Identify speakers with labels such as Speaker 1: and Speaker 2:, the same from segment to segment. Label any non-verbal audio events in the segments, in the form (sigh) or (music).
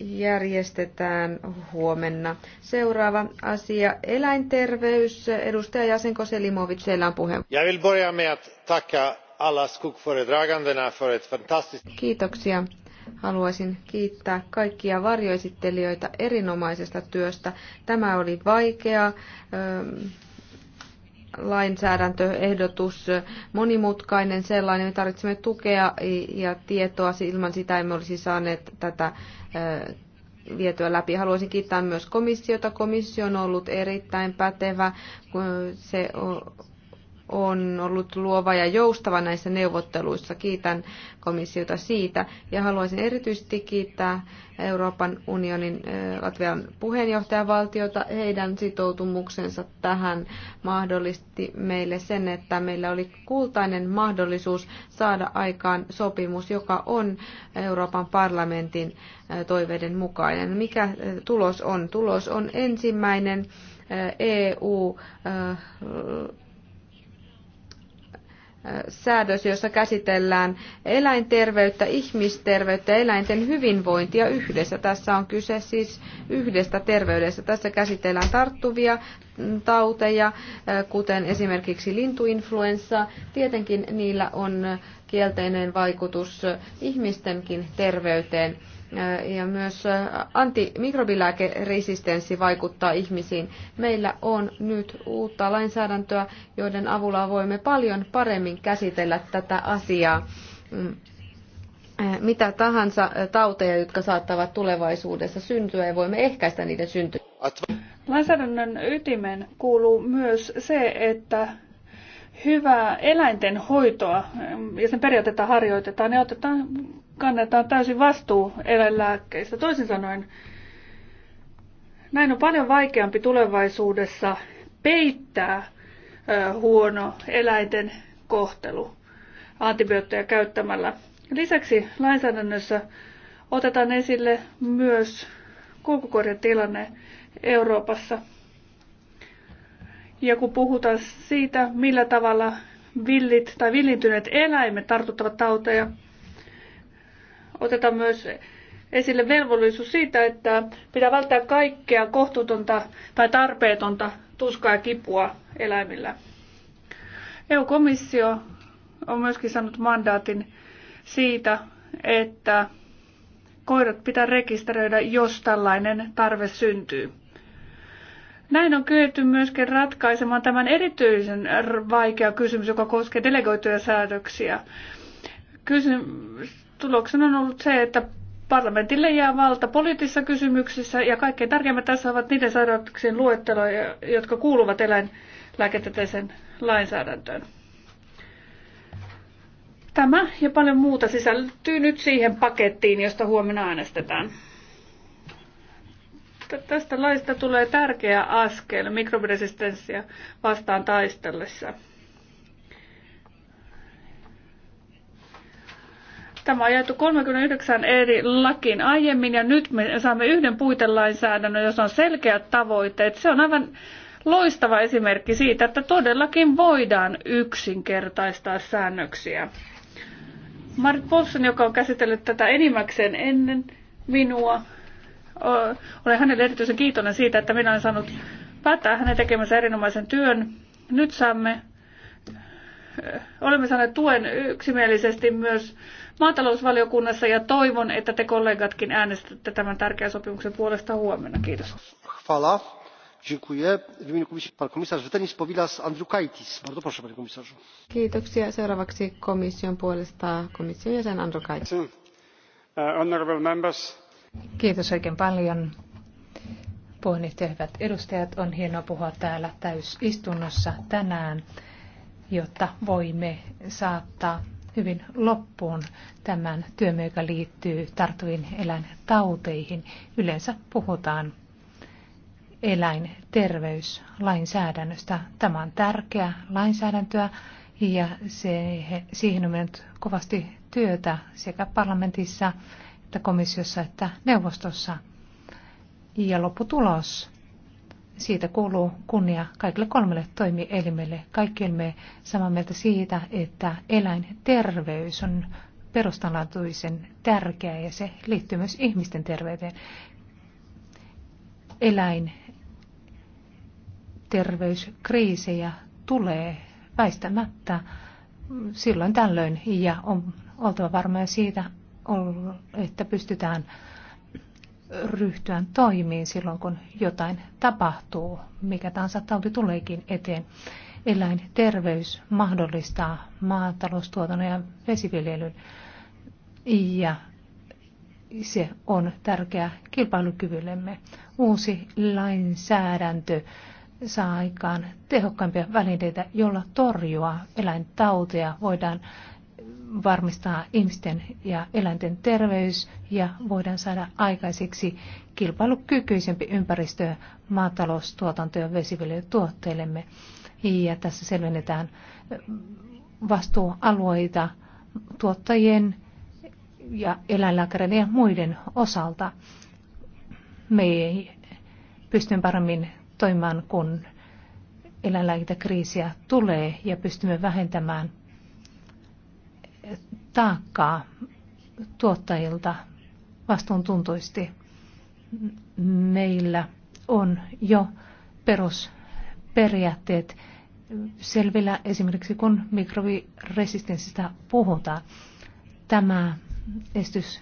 Speaker 1: järjestetään huomenna. Seuraava asia, eläinterveys. Edustaja Jasenko Selimovic, teillä on puhe. Kiitoksia. Haluaisin kiittää kaikkia varjoesittelijöitä erinomaisesta työstä. Tämä oli vaikea. Öö, lainsäädäntöehdotus monimutkainen sellainen. Me tarvitsemme tukea ja tietoa, ilman sitä emme olisi saaneet tätä vietyä läpi. Haluaisin kiittää myös komissiota. Komissio on ollut erittäin pätevä. Se on ollut luova ja joustava näissä neuvotteluissa. Kiitän komissiota siitä ja haluaisin erityisesti kiittää Euroopan unionin Latvian puheenjohtajavaltiota. Heidän sitoutumuksensa tähän mahdollisti meille sen, että meillä oli kultainen mahdollisuus saada aikaan sopimus, joka on Euroopan parlamentin toiveiden mukainen. Mikä tulos on? Tulos on ensimmäinen EU säädös, jossa käsitellään eläinterveyttä, ihmisterveyttä ja eläinten hyvinvointia yhdessä. Tässä on kyse siis yhdestä terveydestä. Tässä käsitellään tarttuvia mm, tauteja, kuten esimerkiksi lintuinfluenssa. Tietenkin niillä on kielteinen vaikutus ihmistenkin terveyteen ja myös antimikrobilääkeresistenssi vaikuttaa ihmisiin. Meillä on nyt uutta lainsäädäntöä, joiden avulla voimme paljon paremmin käsitellä tätä asiaa. Mm. Mitä tahansa tauteja, jotka saattavat tulevaisuudessa syntyä ja voimme ehkäistä niiden syntyä.
Speaker 2: Lainsäädännön ytimen kuuluu myös se, että hyvää eläinten hoitoa ja sen periaatetta harjoitetaan ja otetaan kannetaan täysin vastuu eläinlääkkeistä. Toisin sanoen, näin on paljon vaikeampi tulevaisuudessa peittää huono eläinten kohtelu antibiootteja käyttämällä. Lisäksi lainsäädännössä otetaan esille myös kulkukorjan tilanne Euroopassa. Ja kun puhutaan siitä, millä tavalla villit tai villintyneet eläimet tartuttavat tauteja, otetaan myös esille velvollisuus siitä, että pitää välttää kaikkea kohtuutonta tai tarpeetonta tuskaa ja kipua eläimillä. EU-komissio on myöskin saanut mandaatin siitä, että koirat pitää rekisteröidä, jos tällainen tarve syntyy. Näin on kyetty myöskin ratkaisemaan tämän erityisen vaikea kysymys, joka koskee delegoituja säädöksiä. Kysymys tuloksena on ollut se, että parlamentille jää valta poliittisissa kysymyksissä ja kaikkein tärkeimmät tässä ovat niiden sairauksien luetteloja, jotka kuuluvat eläinlääketieteeseen lainsäädäntöön. Tämä ja paljon muuta sisältyy nyt siihen pakettiin, josta huomenna äänestetään. Tästä laista tulee tärkeä askel mikrobiresistenssiä vastaan taistellessa. Tämä on jaettu 39 eri lakiin aiemmin ja nyt me saamme yhden puitelainsäädännön, jossa on selkeät tavoitteet. Se on aivan loistava esimerkki siitä, että todellakin voidaan yksinkertaistaa säännöksiä. Marit Paulsen, joka on käsitellyt tätä enimmäkseen ennen minua, olen hänelle erityisen kiitollinen siitä, että minä olen saanut päättää hänen tekemänsä erinomaisen työn. Nyt saamme olemme saaneet tuen yksimielisesti myös maatalousvaliokunnassa ja toivon, että te kollegatkin äänestätte tämän tärkeän sopimuksen puolesta huomenna.
Speaker 3: Kiitos. Hvala. Dziękuję. W imieniu komisji pan komisarz Zdenis Povilas Andrukaitis. Bardzo proszę, panie komisarzu.
Speaker 1: Kiitoksia. Seuraavaksi komission puolesta komission jäsen Andrukaitis.
Speaker 3: Honorable members.
Speaker 1: Kiitos oikein paljon
Speaker 4: puheenjohtaja, hyvät edustajat, on hienoa puhua täällä täysistunnossa tänään jotta voimme saattaa hyvin loppuun tämän työmme, joka liittyy tarttuviin eläintauteihin. Yleensä puhutaan eläinterveyslainsäädännöstä. Tämä on tärkeä lainsäädäntöä ja se, siihen on mennyt kovasti työtä sekä parlamentissa että komissiossa että neuvostossa. Ja lopputulos siitä kuuluu kunnia kaikille kolmelle toimielimelle. Kaikki me samaa mieltä siitä, että eläinterveys on perustanlaatuisen tärkeä ja se liittyy myös ihmisten terveyteen. Eläinterveyskriisejä tulee väistämättä silloin tällöin ja on oltava varmoja siitä, että pystytään ryhtyä toimiin silloin, kun jotain tapahtuu, mikä tahansa tauti tuleekin eteen. Eläinterveys mahdollistaa maataloustuotannon ja vesiviljelyn ja se on tärkeä kilpailukyvyllemme. Uusi lainsäädäntö saa aikaan tehokkaimpia välineitä, joilla torjua eläintauteja voidaan varmistaa ihmisten ja eläinten terveys ja voidaan saada aikaiseksi kilpailukykyisempi ympäristö maataloustuotanto- ja vesiviljelytuotteillemme. Ja tässä selvennetään mm, vastuualueita tuottajien ja eläinlääkäreiden ja muiden osalta. Me ei pysty paremmin toimimaan, kun eläinlääkintäkriisiä tulee ja pystymme vähentämään taakkaa tuottajilta vastuuntuntoisesti. Meillä on jo perusperiaatteet selvillä esimerkiksi kun mikroviresistenssistä puhutaan. Tämä estys,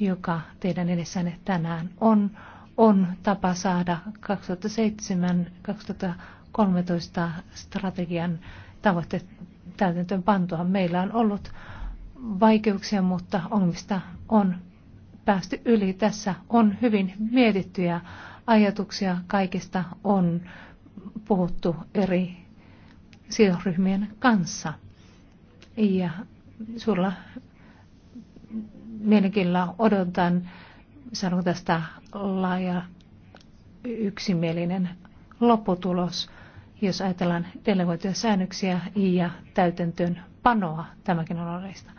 Speaker 4: joka teidän edessänne tänään on, on tapa saada 2007-2013 strategian tavoitteet täytäntöön pantua. Meillä on ollut vaikeuksia, mutta ongelmista on päästy yli. Tässä on hyvin mietittyjä ajatuksia, kaikista on puhuttu eri sidosryhmien kanssa. Ja sulla mielenkiinnolla odotan, sanon tästä laaja yksimielinen lopputulos jos ajatellaan delegoituja säännöksiä ja täytäntöön panoa, tämäkin on oleellista.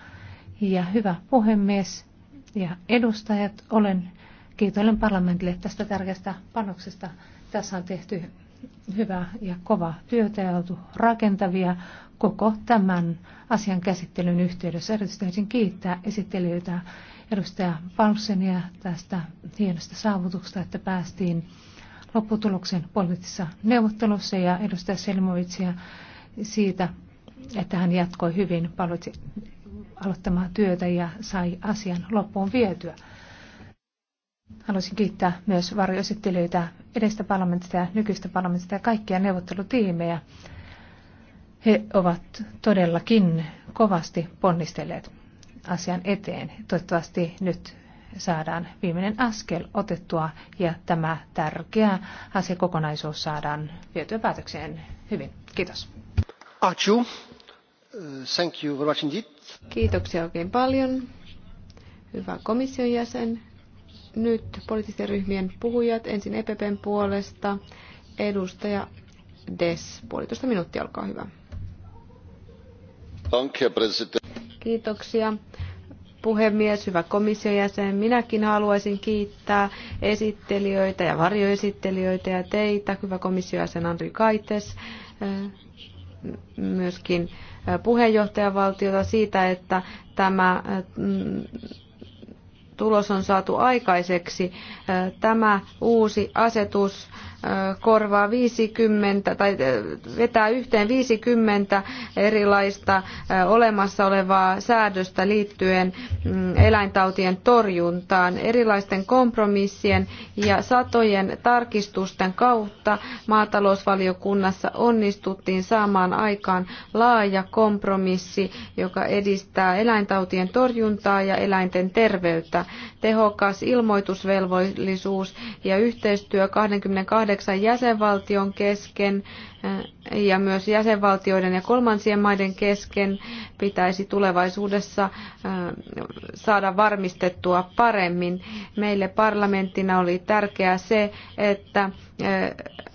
Speaker 4: Ja hyvä puhemies ja edustajat, olen kiitollinen parlamentille tästä tärkeästä panoksesta. Tässä on tehty hyvää ja kova työtä ja oltu rakentavia koko tämän asian käsittelyn yhteydessä. Erityisesti haluaisin kiittää esittelijöitä edustaja Palsenia tästä hienosta saavutuksesta, että päästiin lopputuloksen poliittisissa neuvottelussa ja edustaja Selmovitsia siitä, että hän jatkoi hyvin paluitsi aloittamaa työtä ja sai asian loppuun vietyä. Haluaisin kiittää myös varjoesittelijöitä edestä parlamentista ja nykyistä parlamentista ja kaikkia neuvottelutiimejä. He ovat todellakin kovasti ponnistelleet asian eteen. Toivottavasti nyt saadaan viimeinen askel otettua ja tämä tärkeä asiakokonaisuus saadaan vietyä päätökseen hyvin. Kiitos.
Speaker 3: Achu. Thank you very much indeed.
Speaker 1: Kiitoksia oikein paljon. Hyvä komission jäsen. Nyt poliittisten ryhmien puhujat ensin EPPn puolesta. Edustaja Des, puolitoista minuuttia, olkaa hyvä. Kiitoksia puhemies, hyvä komission jäsen, minäkin haluaisin kiittää esittelijöitä ja varjoesittelijöitä ja teitä, hyvä komission jäsen Andri Kaites, myöskin puheenjohtajavaltiota siitä, että tämä tulos on saatu aikaiseksi. Tämä uusi asetus korvaa 50 tai vetää yhteen 50 erilaista olemassa olevaa säädöstä liittyen mm, eläintautien torjuntaan. Erilaisten kompromissien ja satojen tarkistusten kautta maatalousvaliokunnassa onnistuttiin saamaan aikaan laaja kompromissi, joka edistää eläintautien torjuntaa ja eläinten terveyttä tehokas ilmoitusvelvollisuus ja yhteistyö 28 jäsenvaltion kesken eh, ja myös jäsenvaltioiden ja kolmansien maiden kesken pitäisi tulevaisuudessa eh, saada varmistettua paremmin. Meille parlamenttina oli tärkeää se, että eh,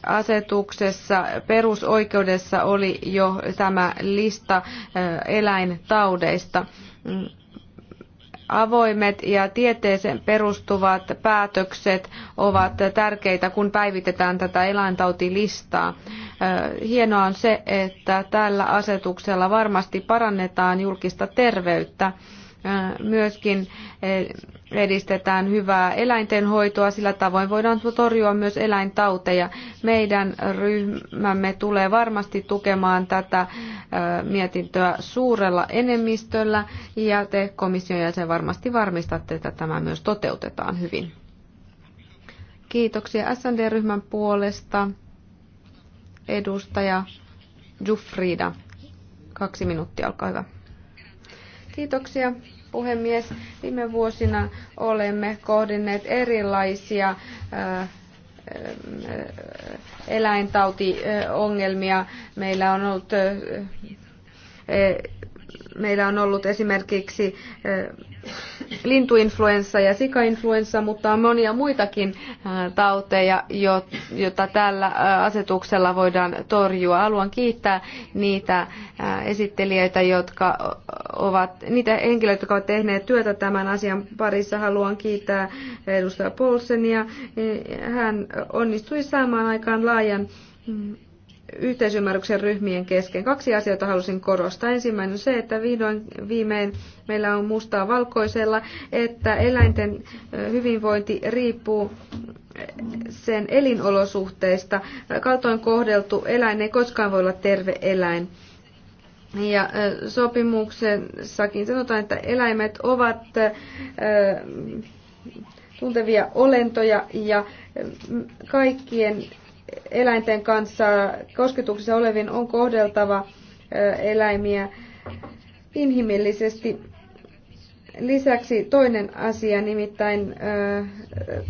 Speaker 1: asetuksessa perusoikeudessa oli jo tämä lista eläintaudeista. Mm. Avoimet ja tieteeseen perustuvat päätökset ovat tärkeitä, kun päivitetään tätä eläintautilistaa. Hienoa on se, että tällä asetuksella varmasti parannetaan julkista terveyttä myöskin edistetään hyvää eläintenhoitoa. Sillä tavoin voidaan torjua myös eläintauteja. Meidän ryhmämme tulee varmasti tukemaan tätä mietintöä suurella enemmistöllä ja te komission jäsen varmasti varmistatte, että tämä myös toteutetaan hyvin. Kiitoksia SND-ryhmän puolesta. Edustaja Jufrida. Kaksi minuuttia, olkaa hyvä. Kiitoksia puhemies. Viime vuosina olemme kohdenneet erilaisia äh, äh, eläintautiongelmia. Meillä on ollut, äh, meillä on ollut esimerkiksi lintuinfluenssa ja sikainfluenssa, mutta on monia muitakin tauteja, joita tällä asetuksella voidaan torjua. Haluan kiittää niitä esittelijöitä, jotka ovat, niitä henkilöitä, jotka ovat tehneet työtä tämän asian parissa. Haluan kiittää edustaja Paulsenia. Hän onnistui saamaan aikaan laajan mm, yhteisymmärryksen ryhmien kesken. Kaksi asiaa halusin korostaa. Ensimmäinen on se, että vihdoin viimein meillä on mustaa valkoisella, että eläinten hyvinvointi riippuu sen elinolosuhteista. Kaltoin kohdeltu eläin ei koskaan voi olla terve eläin. Ja sopimuksessakin sanotaan, että eläimet ovat tuntevia olentoja ja kaikkien eläinten kanssa kosketuksessa olevin on kohdeltava eläimiä inhimillisesti. Lisäksi toinen asia, nimittäin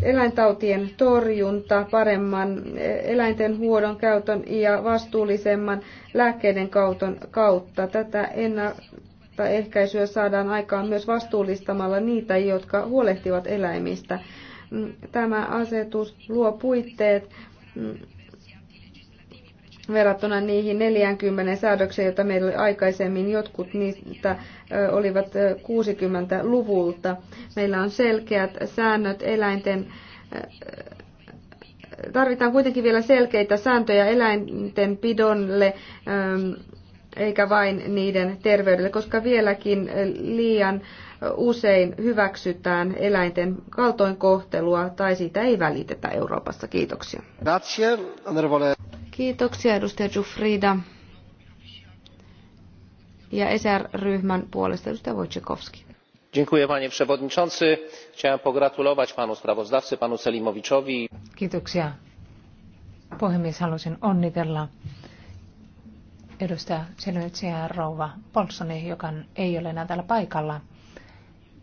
Speaker 1: eläintautien torjunta, paremman eläinten huodon käytön ja vastuullisemman lääkkeiden kautta. Tätä ennaltaehkäisyä saadaan aikaan myös vastuullistamalla niitä, jotka huolehtivat eläimistä. Mm, tämä asetus luo puitteet verrattuna niihin 40 säädökseen, joita meillä oli aikaisemmin. Jotkut niistä olivat 60-luvulta. Meillä on selkeät säännöt eläinten tarvitaan kuitenkin vielä selkeitä sääntöjä eläinten pidolle, eikä vain niiden terveydelle, koska vieläkin liian usein hyväksytään eläinten kaltoinkohtelua tai siitä ei välitetä Euroopassa. Kiitoksia. Kiitoksia edustaja Jufrida. Ja ESR-ryhmän puolesta edustaja Wojciechowski.
Speaker 3: Dziękuję panie przewodniczący. Chciałem pogratulować panu sprawozdawcy, panu Selimowiczowi.
Speaker 1: Kiitoksia.
Speaker 4: Puhemies, halusin onnitella edustaja Selvitsiä rouva Polsoni, joka ei ole enää täällä paikalla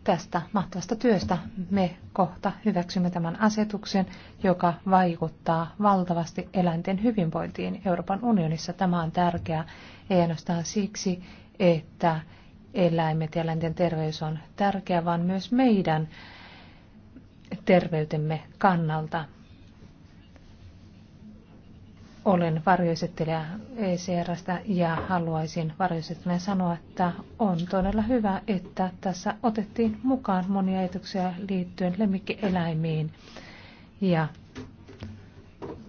Speaker 4: tästä mahtavasta työstä. Me kohta hyväksymme tämän asetuksen, joka vaikuttaa valtavasti eläinten hyvinvointiin Euroopan unionissa. Tämä on tärkeää ei ainoastaan siksi, että eläimet ja eläinten terveys on tärkeää, vaan myös meidän terveytemme kannalta olen varjoesittelijä ECRstä ja haluaisin varjoesittelijän sanoa, että on todella hyvä, että tässä otettiin mukaan monia ajatuksia liittyen lemmikkieläimiin ja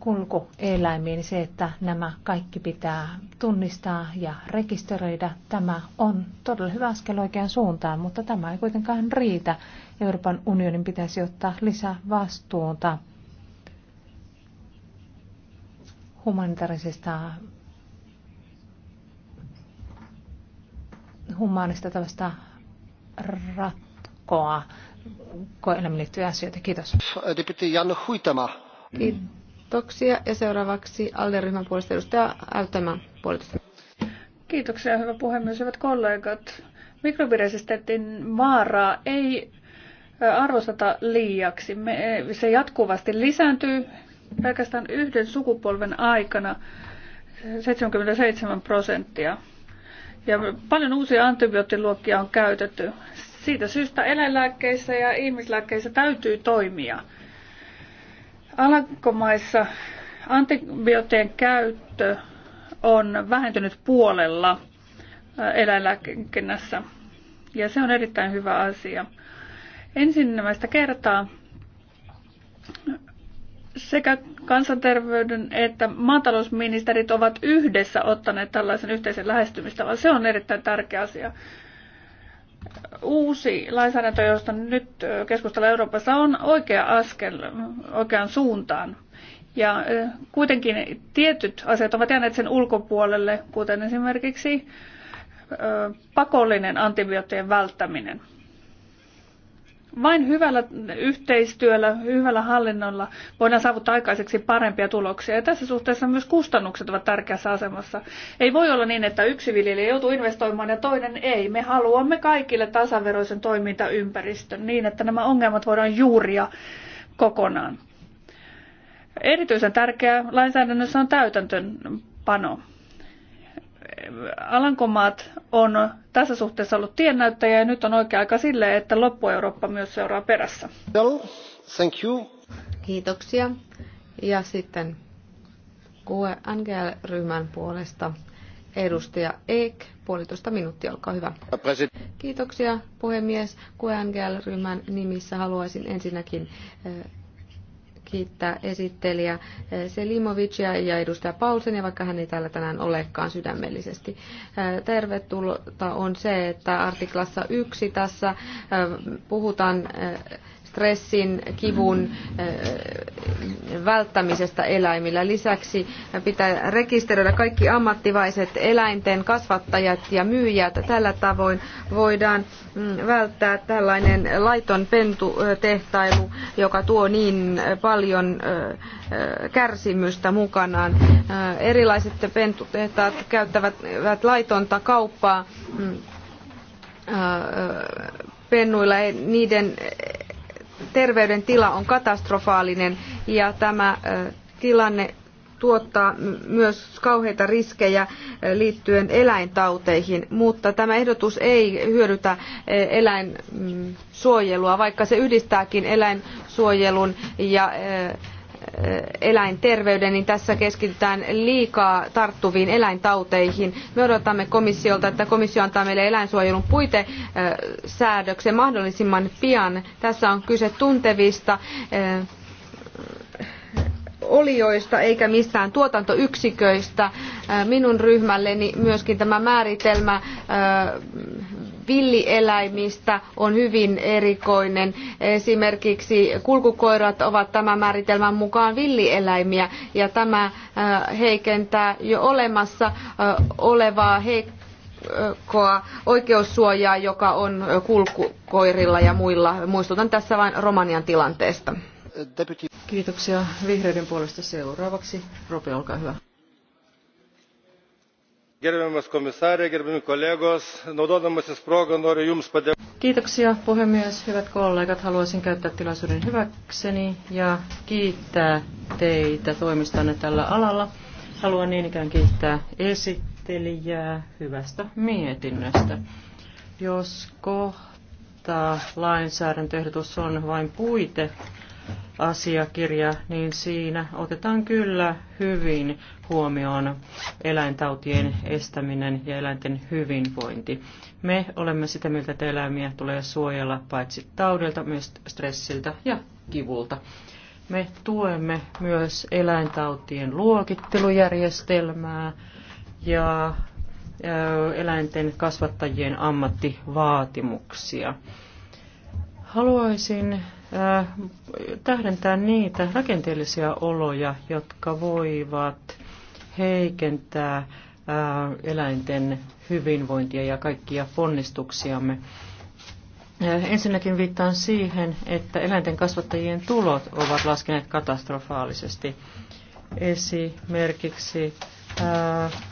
Speaker 4: kulkueläimiin. Se, että nämä kaikki pitää tunnistaa ja rekisteröidä, tämä on todella hyvä askel oikeaan suuntaan, mutta tämä ei kuitenkaan riitä. Euroopan unionin pitäisi ottaa lisää vastuuta humanitaarisesta humanista tavasta ratkoa koelämään liittyviä asioita. Kiitos. Deputy Jan Huitama.
Speaker 1: Kiitoksia. Ja seuraavaksi Alde-ryhmän puolesta edustaja Äytämä puolesta.
Speaker 2: Kiitoksia, hyvä puhemies, hyvät kollegat. Mikrobiresistentin vaaraa ei arvosteta liiaksi. se jatkuvasti lisääntyy pelkästään yhden sukupolven aikana 77 prosenttia. Ja paljon uusia antibioottiluokkia on käytetty. Siitä syystä eläinlääkkeissä ja ihmislääkkeissä täytyy toimia. Alankomaissa antibioottien käyttö on vähentynyt puolella äh, eläinlääkinnässä. Ja se on erittäin hyvä asia. Ensimmäistä kertaa sekä kansanterveyden että maatalousministerit ovat yhdessä ottaneet tällaisen yhteisen lähestymistavan. Se on erittäin tärkeä asia. Uusi lainsäädäntö, josta nyt keskustella Euroopassa, on oikea askel oikeaan suuntaan. Ja kuitenkin tietyt asiat ovat jääneet sen ulkopuolelle, kuten esimerkiksi pakollinen antibioottien välttäminen. Vain hyvällä yhteistyöllä, hyvällä hallinnolla voidaan saavuttaa aikaiseksi parempia tuloksia. Ja tässä suhteessa myös kustannukset ovat tärkeässä asemassa. Ei voi olla niin, että yksi viljelijä joutuu investoimaan ja toinen ei. Me haluamme kaikille tasaveroisen toimintaympäristön niin, että nämä ongelmat voidaan juuria kokonaan. Erityisen tärkeää lainsäädännössä on täytäntöönpano. Alankomaat on tässä suhteessa ollut tiennäyttäjä ja nyt on oikea aika sille, että loppu-Eurooppa myös seuraa perässä.
Speaker 1: Thank you. Kiitoksia. Ja sitten QE Angel-ryhmän puolesta edustaja Eek, puolitoista minuuttia, olkaa hyvä. Kiitoksia puhemies. QE Angel-ryhmän nimissä haluaisin ensinnäkin eh, kiittää esittelijä eh, Selimovicia ja edustaja Paulsenia, ja vaikka hän ei täällä tänään olekaan sydämellisesti. Eh, tervetuloa on se, että artiklassa yksi tässä eh, puhutaan stressin, kivun eh, välttämisestä eläimillä. Lisäksi pitää rekisteröidä kaikki ammattivaiset eläinten kasvattajat ja myyjät. Tällä tavoin voidaan mm, välttää tällainen laiton pentutehtailu, joka tuo niin paljon eh, eh, kärsimystä mukanaan. Erilaiset pentutehtaat käyttävät laitonta kauppaa mm, pennuilla, niiden terveydentila on katastrofaalinen ja tämä tilanne tuottaa myös kauheita riskejä liittyen eläintauteihin, mutta tämä ehdotus ei hyödytä eläinsuojelua, vaikka se yhdistääkin eläinsuojelun ja eläinterveyden, niin tässä keskitytään liikaa tarttuviin eläintauteihin. Me odotamme komissiolta, että komissio antaa meille eläinsuojelun puitesäädöksen mahdollisimman pian. Tässä on kyse tuntevista eh, olioista eikä mistään tuotantoyksiköistä. Eh, minun ryhmälleni myöskin tämä määritelmä eh, villieläimistä on hyvin erikoinen. Esimerkiksi kulkukoirat ovat tämän määritelmän mukaan villieläimiä ja tämä äh, heikentää jo olemassa äh, olevaa heikkoa oikeussuojaa, joka on kulkukoirilla ja muilla. Muistutan tässä vain Romanian tilanteesta. Kiitoksia vihreiden puolesta seuraavaksi. Rope, olkaa hyvä
Speaker 3: gerbiamas komisare gerbiami kolegos naudodamasis proga noriu jums padėkoti.
Speaker 5: Kiitoksia puhemies, hyvät kollegat. Haluaisin käyttää tilaisuuden hyväkseni ja kiittää teitä toimistanne tällä alalla. Haluan niin ikään kiittää esittelijää hyvästä mietinnöstä. Jos kohta lainsäädäntöehdotus on vain puite, asiakirja, niin siinä otetaan kyllä hyvin huomioon eläintautien estäminen ja eläinten hyvinvointi. Me olemme sitä mieltä, että eläimiä tulee suojella paitsi taudilta myös stressiltä ja kivulta. Me tuemme myös eläintautien luokittelujärjestelmää ja eläinten kasvattajien ammattivaatimuksia. Haluaisin äh, tähdentää niitä rakenteellisia oloja, jotka voivat heikentää äh, eläinten hyvinvointia ja kaikkia ponnistuksiamme. Äh, ensinnäkin viittaan siihen, että eläinten kasvattajien tulot ovat laskeneet katastrofaalisesti. Esimerkiksi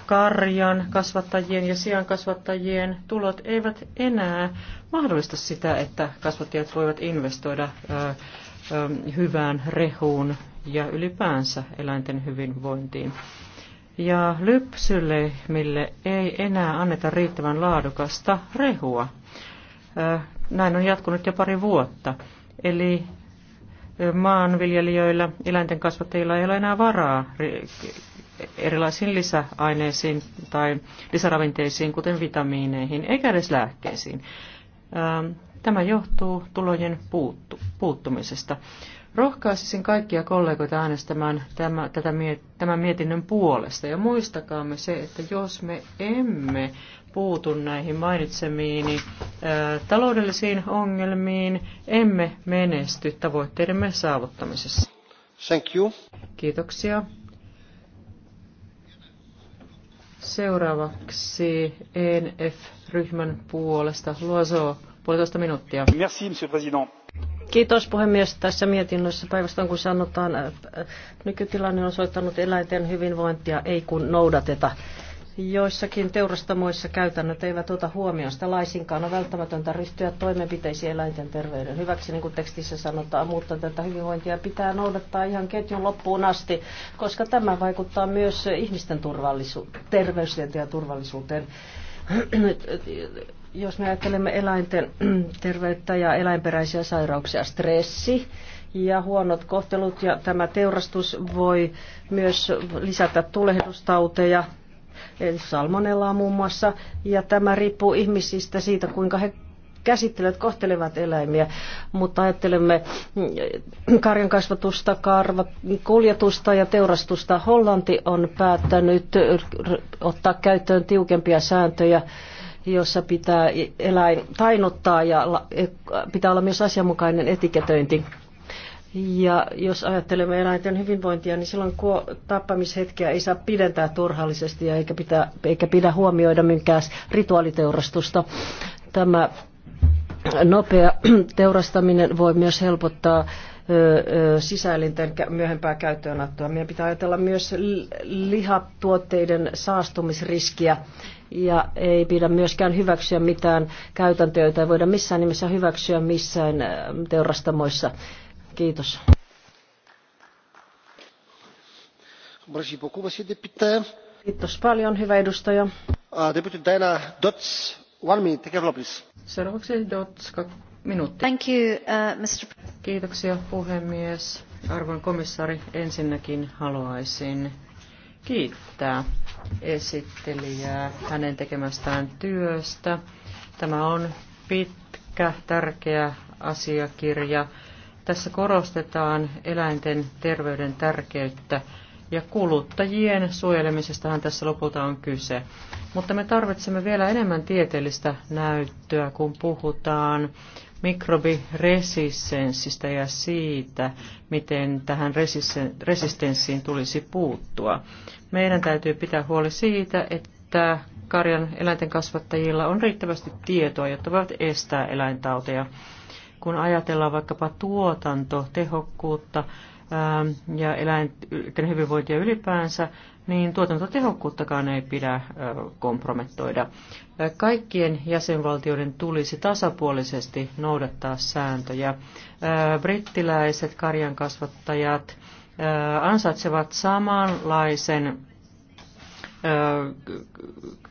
Speaker 5: karjan kasvattajien ja sian kasvattajien tulot eivät enää mahdollista sitä, että kasvattajat voivat investoida hyvään rehuun ja ylipäänsä eläinten hyvinvointiin. Ja lypsylehmille ei enää anneta riittävän laadukasta rehua. Näin on jatkunut jo pari vuotta. Eli maanviljelijöillä, eläinten kasvattajilla ei ole enää varaa erilaisiin lisäaineisiin tai lisäravinteisiin, kuten vitamiineihin, eikä edes lääkkeisiin. Ähm, tämä johtuu tulojen puuttu, puuttumisesta. Rohkaisisin kaikkia kollegoita äänestämään tämä, tätä, tämän mietinnön puolesta. Ja muistakaamme se, että jos me emme puutu näihin mainitsemiini äh, taloudellisiin ongelmiin, emme menesty tavoitteidemme saavuttamisessa. Thank you. Kiitoksia. Seuraavaksi
Speaker 6: ENF-ryhmän puolesta Luoso, puolitoista minuuttia. Merci, monsieur président. Kiitos puhemies. Tässä mietinnössä päivästään kun sanotaan, että äh, äh, nykytilanne on soittanut eläinten hyvinvointia, ei kun noudateta Joissakin teurastamoissa käytännöt eivät ota huomioon sitä laisinkaan. On välttämätöntä ryhtyä toimenpiteisiin eläinten terveyden hyväksi, niin kuin tekstissä sanotaan, mutta tätä hyvinvointia pitää noudattaa ihan ketjun loppuun asti, koska tämä vaikuttaa myös ihmisten turvallisu- terveysjäteen ja turvallisuuteen. Jos me ajattelemme eläinten terveyttä ja eläinperäisiä sairauksia, stressi, ja huonot kohtelut ja tämä teurastus voi myös lisätä tulehdustauteja, salmonellaa muun muassa, ja tämä riippuu ihmisistä siitä, kuinka he käsittelevät, kohtelevat eläimiä, mutta ajattelemme mm, karjan kasvatusta, karva, kuljetusta ja teurastusta. Hollanti on päättänyt ottaa käyttöön tiukempia sääntöjä jossa pitää eläin tainottaa ja e, pitää olla myös asianmukainen etiketöinti. Ja jos ajattelemme eläinten hyvinvointia, niin silloin tappamishetkeä ei saa pidentää turhallisesti ja eikä, pitää, eikä pidä huomioida minkään rituaaliteurastusta. Tämä nopea teurastaminen voi myös helpottaa sisäelinten myöhempää käyttöönottoa. Meidän pitää ajatella myös lihatuotteiden saastumisriskiä ja ei pidä myöskään hyväksyä mitään käytäntöjä, joita ei voida missään nimessä hyväksyä missään teurastamoissa. Kiitos. Kiitos paljon, hyvä edustaja.
Speaker 3: Deputy Diana Dots, one minute, take Seuraavaksi Dots, minuutti.
Speaker 2: Thank you, uh,
Speaker 5: Mr. Kiitoksia puhemies. Arvon komissaari, ensinnäkin haluaisin kiittää esittelijää hänen tekemästään työstä. Tämä on pitkä, tärkeä asiakirja tässä korostetaan eläinten terveyden tärkeyttä ja kuluttajien suojelemisestahan tässä lopulta on kyse. Mutta me tarvitsemme vielä enemmän tieteellistä näyttöä, kun puhutaan mikrobiresistenssistä ja siitä, miten tähän resistenssiin tulisi puuttua. Meidän täytyy pitää huoli siitä, että karjan eläinten kasvattajilla on riittävästi tietoa, jotta voivat estää eläintauteja kun ajatellaan vaikkapa tuotantotehokkuutta ja eläinten hyvinvointia ylipäänsä, niin tuotantotehokkuuttakaan ei pidä kompromettoida. Kaikkien jäsenvaltioiden tulisi tasapuolisesti noudattaa sääntöjä. Brittiläiset karjankasvattajat ansaitsevat samanlaisen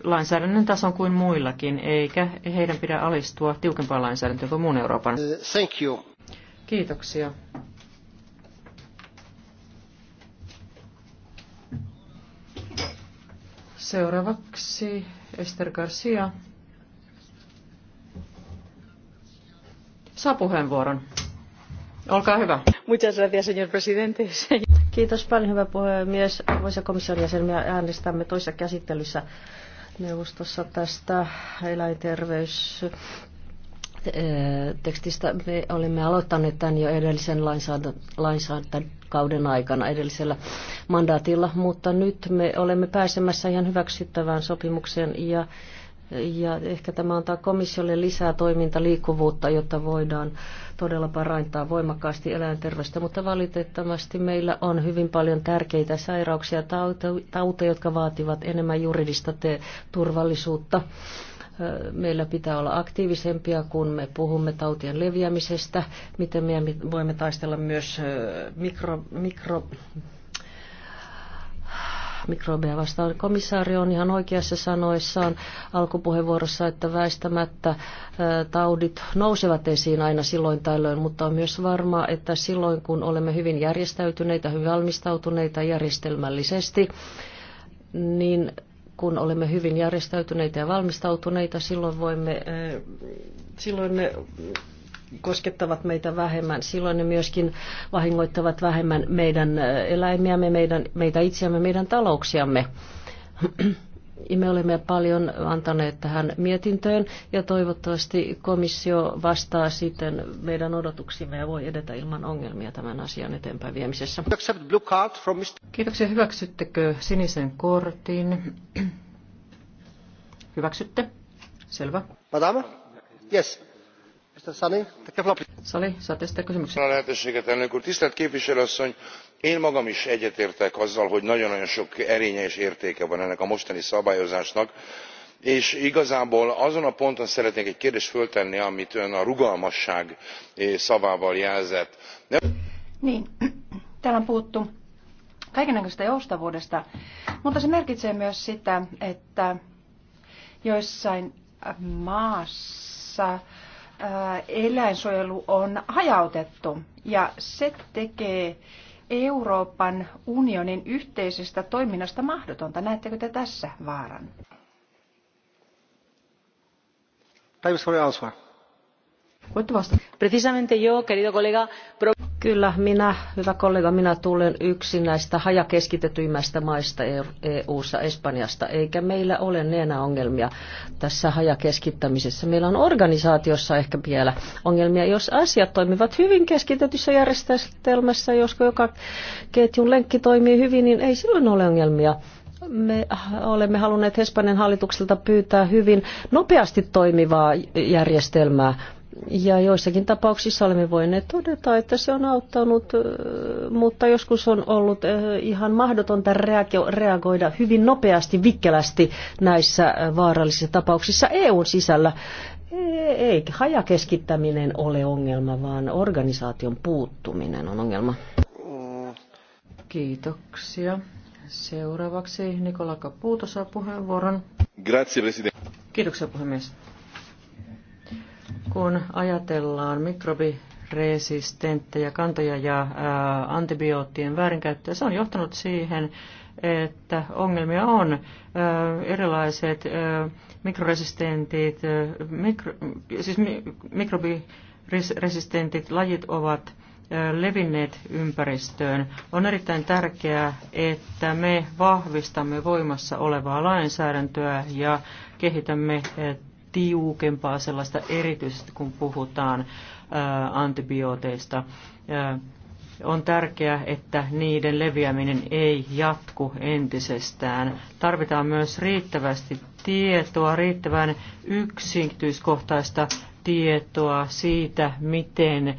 Speaker 5: lainsäädännön tason kuin muillakin, eikä heidän pidä alistua tiukempaan lainsäädäntöön kuin muun Euroopan. Uh, thank you. Kiitoksia. Seuraavaksi Esther Garcia saa puheenvuoron.
Speaker 6: Olkaa hyvä. Muchas gracias, señor presidente. Kiitos paljon, hyvä puhemies. Arvoisa komission jäsen, me äänestämme toisessa käsittelyssä neuvostossa tästä eläinterveystekstistä, Me olemme aloittaneet tämän jo edellisen lainsäädäntökauden aikana, edellisellä mandaatilla, mutta nyt me olemme pääsemässä ihan hyväksyttävään sopimukseen ja ja ehkä tämä antaa komissiolle lisää liikkuvuutta, jotta voidaan todella parantaa voimakkaasti eläinterveystä. Mutta valitettavasti meillä on hyvin paljon tärkeitä sairauksia, tauteja, jotka vaativat enemmän juridista turvallisuutta. Meillä pitää olla aktiivisempia, kun me puhumme tautien leviämisestä, miten me voimme taistella myös mikro, mikro mikrobeja vastaan. Komissaari on ihan oikeassa sanoissaan alkupuheenvuorossa, että väistämättä taudit nousevat esiin aina silloin tällöin, mutta on myös varmaa, että silloin kun olemme hyvin järjestäytyneitä, hyvin valmistautuneita järjestelmällisesti, niin kun olemme hyvin järjestäytyneitä ja valmistautuneita, silloin voimme, silloin me koskettavat meitä vähemmän. Silloin ne myöskin vahingoittavat vähemmän meidän eläimiämme, meidän, meitä itseämme, meidän talouksiamme. Me olemme paljon antaneet tähän mietintöön ja toivottavasti komissio vastaa sitten meidän odotuksimme ja voi edetä ilman ongelmia tämän asian eteenpäin viemisessä. Kiitoksia.
Speaker 5: Hyväksyttekö sinisen kortin? Hyväksytte.
Speaker 3: Selvä. Madame? Yes
Speaker 2: tisztelt képviselő asszony! én magam is egyetértek azzal hogy nagyon nagyon sok erénye és értéke van ennek a mostani szabályozásnak és igazából azon a ponton szeretnék egy kérdést föltenni amit ön a rugalmasság eh, szavával jelzett.
Speaker 7: Niin, (clears throat) täällä on puhuttu kaikennäköisestä joustavuudesta mutta se merkitsee myös sitä että joissain maissa eläinsuojelu on hajautettu ja se tekee Euroopan unionin yhteisestä toiminnasta mahdotonta. Näettekö te tässä vaaran?
Speaker 6: Voitte vastata. Precisamente yo, querido colega, Kyllä, minä, hyvä kollega, minä tulen yksin näistä hajakeskitetyimmästä maista EU-ssa, e Espanjasta, eikä meillä ole enää ongelmia tässä hajakeskittämisessä. Meillä on organisaatiossa ehkä vielä ongelmia, jos asiat toimivat hyvin keskitetyssä järjestelmässä, jos joka ketjun lenkki toimii hyvin, niin ei silloin ole ongelmia. Me olemme halunneet Espanjan hallitukselta pyytää hyvin nopeasti toimivaa järjestelmää ja joissakin tapauksissa olemme voineet todeta, että se on auttanut, mutta joskus on ollut ihan mahdotonta reagoida hyvin nopeasti, vikkelästi näissä vaarallisissa tapauksissa EUn sisällä. E, ei hajakeskittäminen ole ongelma, vaan organisaation puuttuminen on ongelma.
Speaker 5: Kiitoksia. Seuraavaksi Nikola Caputo saa puheenvuoron. Grazie, Kiitoksia puhemies. Kun ajatellaan mikrobiresistenttejä kantoja ja ää, antibioottien väärinkäyttöä, se on johtanut siihen, että ongelmia on. erilaiset mikroresistentit, mikro, siis mikrobiresistentit lajit ovat levinneet ympäristöön. On erittäin tärkeää, että me vahvistamme voimassa olevaa lainsäädäntöä ja kehitämme tiukempaa sellaista erityisesti, kun puhutaan antibiooteista. On tärkeää, että niiden leviäminen ei jatku entisestään. Tarvitaan myös riittävästi tietoa, riittävän yksityiskohtaista tietoa siitä, miten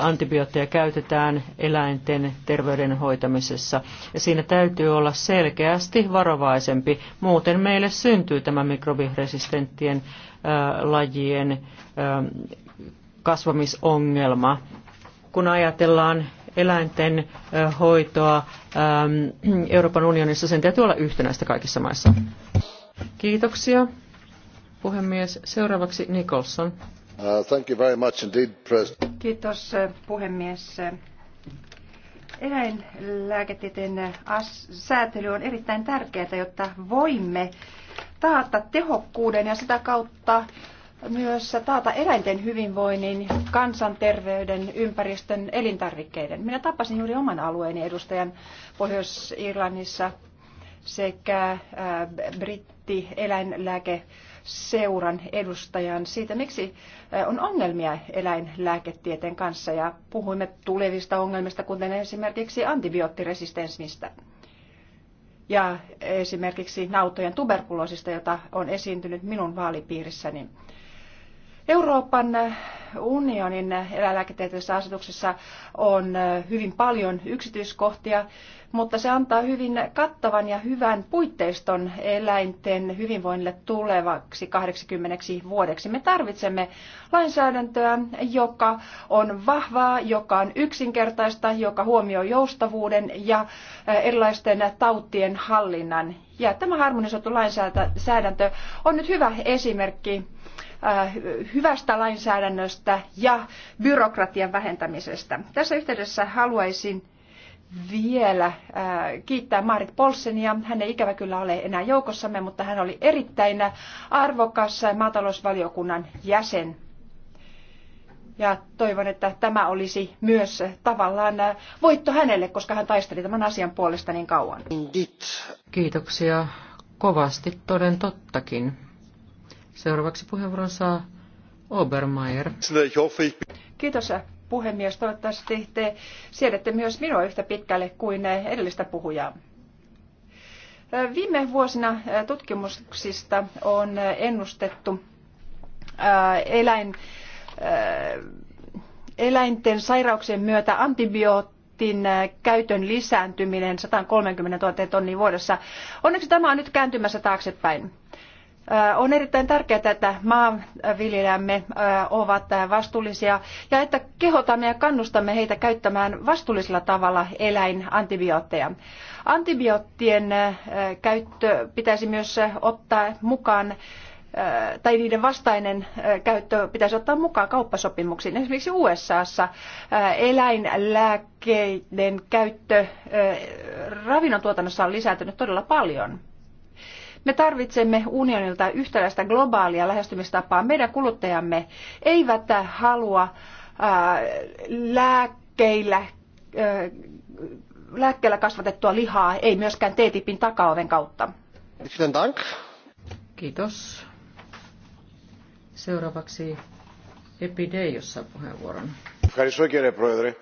Speaker 5: antibiootteja käytetään eläinten terveyden hoitamisessa. Ja siinä täytyy olla selkeästi varovaisempi, muuten meille syntyy tämä mikrobiresistenttien lajien kasvamisongelma. Kun ajatellaan eläinten hoitoa Euroopan unionissa, sen täytyy olla yhtenäistä kaikissa maissa. Kiitoksia. Puhemies, seuraavaksi Nicholson.
Speaker 3: Uh, thank you very much indeed, President. Kiitos
Speaker 7: uh, puhemies. Uh, eläinlääketieteen säätely on erittäin tärkeää, jotta voimme taata tehokkuuden ja sitä kautta myös taata eläinten hyvinvoinnin, kansanterveyden, ympäristön, elintarvikkeiden. Minä tapasin juuri oman alueeni edustajan Pohjois-Irlannissa sekä britti eläinlääke seuran edustajan siitä, miksi on ongelmia eläinlääketieteen kanssa ja puhuimme tulevista ongelmista, kuten esimerkiksi antibioottiresistenssistä ja esimerkiksi nautojen tuberkuloosista, jota on esiintynyt minun vaalipiirissäni. Euroopan unionin eläinlääketieteellisessä asetuksessa on hyvin paljon yksityiskohtia, mutta se antaa hyvin kattavan ja hyvän puitteiston eläinten hyvinvoinnille tulevaksi 80 vuodeksi. Me tarvitsemme lainsäädäntöä, joka on vahvaa, joka on yksinkertaista, joka huomioi joustavuuden ja erilaisten tautien hallinnan. Ja tämä harmonisoitu lainsäädäntö on nyt hyvä esimerkki Äh, hyvästä lainsäädännöstä ja byrokratian vähentämisestä. Tässä yhteydessä haluaisin vielä äh, kiittää Marit Polsenia. Hän ei ikävä kyllä ole enää joukossamme, mutta hän oli erittäin arvokas maatalousvaliokunnan jäsen. Ja toivon, että tämä olisi myös tavallaan voitto hänelle, koska hän taisteli tämän asian puolesta niin kauan.
Speaker 5: Kiitoksia kovasti, toden tottakin. Seuraavaksi puheenvuoron saa Obermeier.
Speaker 7: Kiitos puhemies. Toivottavasti te siedätte myös minua yhtä pitkälle kuin edellistä puhujaa. Viime vuosina tutkimuksista on ennustettu äh, eläin, äh, eläinten sairauksien myötä antibiootin äh, käytön lisääntyminen 130 000 tonnia vuodessa. Onneksi tämä on nyt kääntymässä taaksepäin. On erittäin tärkeää, että maanviljelijämme ovat vastuullisia ja että kehotamme ja kannustamme heitä käyttämään vastuullisella tavalla eläinantibiootteja. Antibioottien käyttö pitäisi myös ottaa mukaan tai niiden vastainen käyttö pitäisi ottaa mukaan kauppasopimuksiin. Esimerkiksi USAssa eläinlääkkeiden käyttö ravinnontuotannossa on lisääntynyt todella paljon. Me tarvitsemme unionilta yhtäläistä globaalia lähestymistapaa. Meidän kuluttajamme eivät halua ää, lääkkeillä, ää, lääkkeellä kasvatettua lihaa, ei myöskään TTIPin takaoven kautta.
Speaker 3: Kiitos.
Speaker 5: Seuraavaksi Epidei, jossa puheenvuoron.
Speaker 6: Ευχαριστώ κύριε Πρόεδρε.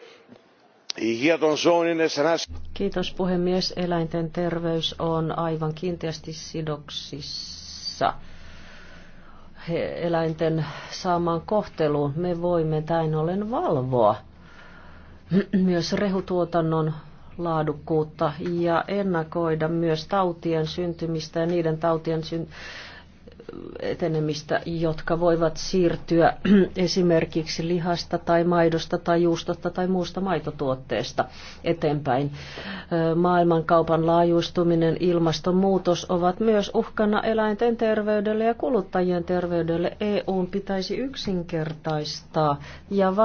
Speaker 6: Η υγεία των ζώων είναι Kiitos puhemies. Eläinten terveys on aivan kiinteästi sidoksissa eläinten saamaan kohteluun. Me voimme täin ollen valvoa myös rehutuotannon laadukkuutta ja ennakoida myös tautien syntymistä ja niiden tautien syntymistä etenemistä, jotka voivat siirtyä (clears throat) esimerkiksi lihasta tai maidosta tai juustosta tai muusta maitotuotteesta eteenpäin. Maailmankaupan laajuistuminen, ilmastonmuutos ovat myös uhkana eläinten terveydelle ja kuluttajien terveydelle. EU pitäisi yksinkertaistaa ja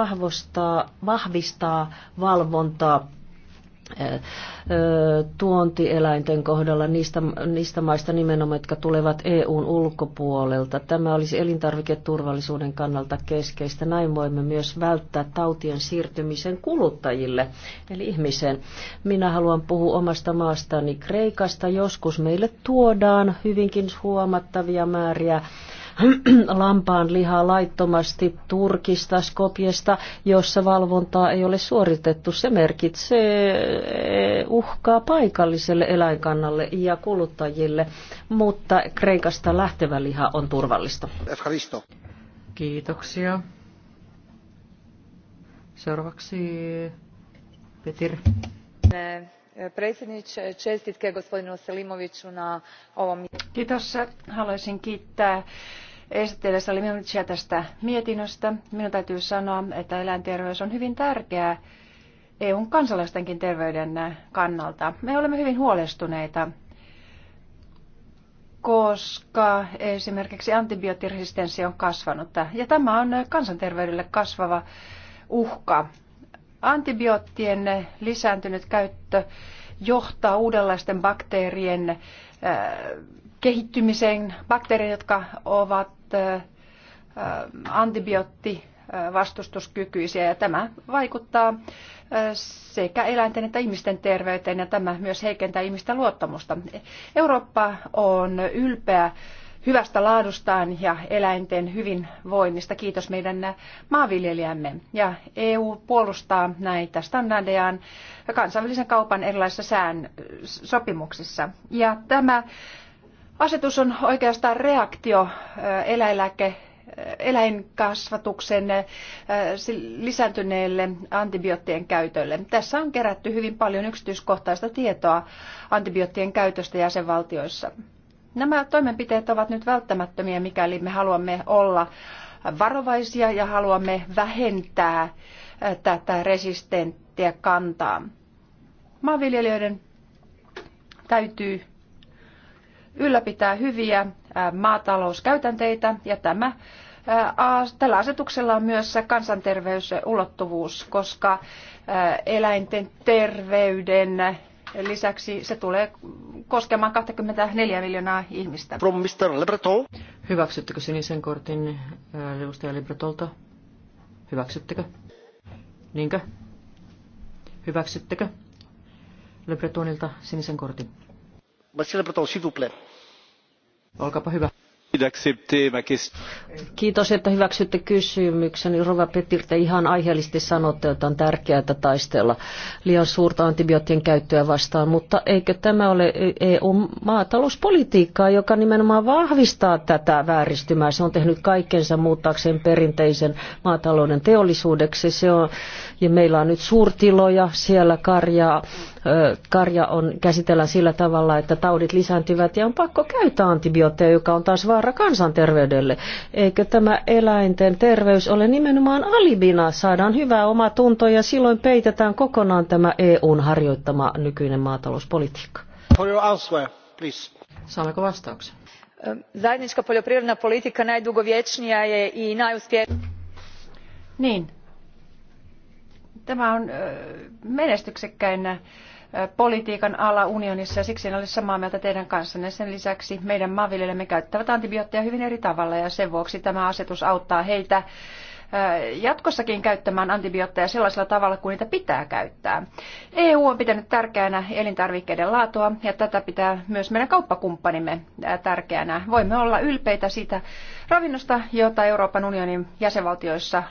Speaker 6: vahvistaa valvontaa tuontieläinten kohdalla niistä, niistä maista nimenomaan, jotka tulevat EUn ulkopuolelta. Tämä olisi elintarviketurvallisuuden kannalta keskeistä. Näin voimme myös välttää tautien siirtymisen kuluttajille, eli ihmiseen. Minä haluan puhua omasta maastani Kreikasta. Joskus meille tuodaan hyvinkin huomattavia määriä (clears throat) lampaan lihaa laittomasti Turkista, Skopjesta, jossa valvontaa ei ole suoritettu. Se merkitsee eh, uhkaa paikalliselle eläinkannalle ja kuluttajille, mutta Kreikasta lähtevä liha on turvallista. Kiitoksia.
Speaker 5: Seuraavaksi Petir
Speaker 7: eh, kiitos haluaisin kiittää esittelijässä oli minun tästä mietinnöstä. Minun täytyy sanoa, että eläinterveys on hyvin tärkeää EUn kansalaistenkin terveyden kannalta. Me olemme hyvin huolestuneita, koska esimerkiksi antibioottiresistenssi on kasvanut. Ja tämä on kansanterveydelle kasvava uhka. Antibioottien lisääntynyt käyttö johtaa uudenlaisten bakteerien äh, kehittymiseen bakteereja, jotka ovat antibiootti vastustuskykyisiä ja tämä vaikuttaa sekä eläinten että ihmisten terveyteen ja tämä myös heikentää ihmisten luottamusta. Eurooppa on ylpeä hyvästä laadustaan ja eläinten hyvinvoinnista. Kiitos meidän maanviljelijämme. Ja EU puolustaa näitä standardejaan kansainvälisen kaupan erilaisissa sään sopimuksissa. Ja tämä Asetus on oikeastaan reaktio eläinlääke eläinkasvatuksen lisääntyneelle antibioottien käytölle. Tässä on kerätty hyvin paljon yksityiskohtaista tietoa antibioottien käytöstä jäsenvaltioissa. Nämä toimenpiteet ovat nyt välttämättömiä, mikäli me haluamme olla varovaisia ja haluamme vähentää tätä resistenttiä kantaa. Maanviljelijöiden täytyy ylläpitää hyviä maatalouskäytänteitä ja tämä Tällä asetuksella on myös kansanterveysulottuvuus, koska eläinten terveyden lisäksi se tulee koskemaan 24 miljoonaa ihmistä.
Speaker 3: From Mr. Hyväksyttekö
Speaker 5: sinisen kortin edustaja Libretolta? Hyväksyttekö? Niinkö? Hyväksyttekö? Libretonilta sinisen kortin.
Speaker 3: Olkaapa hyvä.
Speaker 6: Kiitos, että hyväksytte kysymykseni. Rova Petirte ihan aiheellisesti sanotte, että on tärkeää että taistella liian suurta antibioottien käyttöä vastaan, mutta eikö tämä ole EU-maatalouspolitiikkaa, joka nimenomaan vahvistaa tätä vääristymää? Se on tehnyt kaikkensa muuttaakseen perinteisen maatalouden teollisuudeksi. Se on, ja meillä on nyt suurtiloja, siellä karjaa karja on, käsitellään sillä tavalla, että taudit lisääntyvät ja on pakko käyttää antibiootteja, joka on taas vaara kansanterveydelle. Eikö tämä eläinten terveys ole nimenomaan alibina? Saadaan hyvää omaa tuntoa ja silloin peitetään kokonaan tämä EUn harjoittama nykyinen maatalouspolitiikka.
Speaker 5: For your answer, please. Saammeko vastauksen?
Speaker 1: Zajednička poljoprivredna politika najdugovječnija je i najuspješnija. Niin,
Speaker 7: tämä on menestyksekkäin politiikan ala unionissa ja siksi en ole samaa mieltä teidän kanssanne. Sen lisäksi meidän maanviljelijämme käyttävät antibiootteja hyvin eri tavalla ja sen vuoksi tämä asetus auttaa heitä jatkossakin käyttämään antibiootteja sellaisella tavalla kuin niitä pitää käyttää. EU on pitänyt tärkeänä elintarvikkeiden laatua ja tätä pitää myös meidän kauppakumppanimme tärkeänä. Voimme olla ylpeitä siitä ravinnosta, jota Euroopan unionin jäsenvaltioissa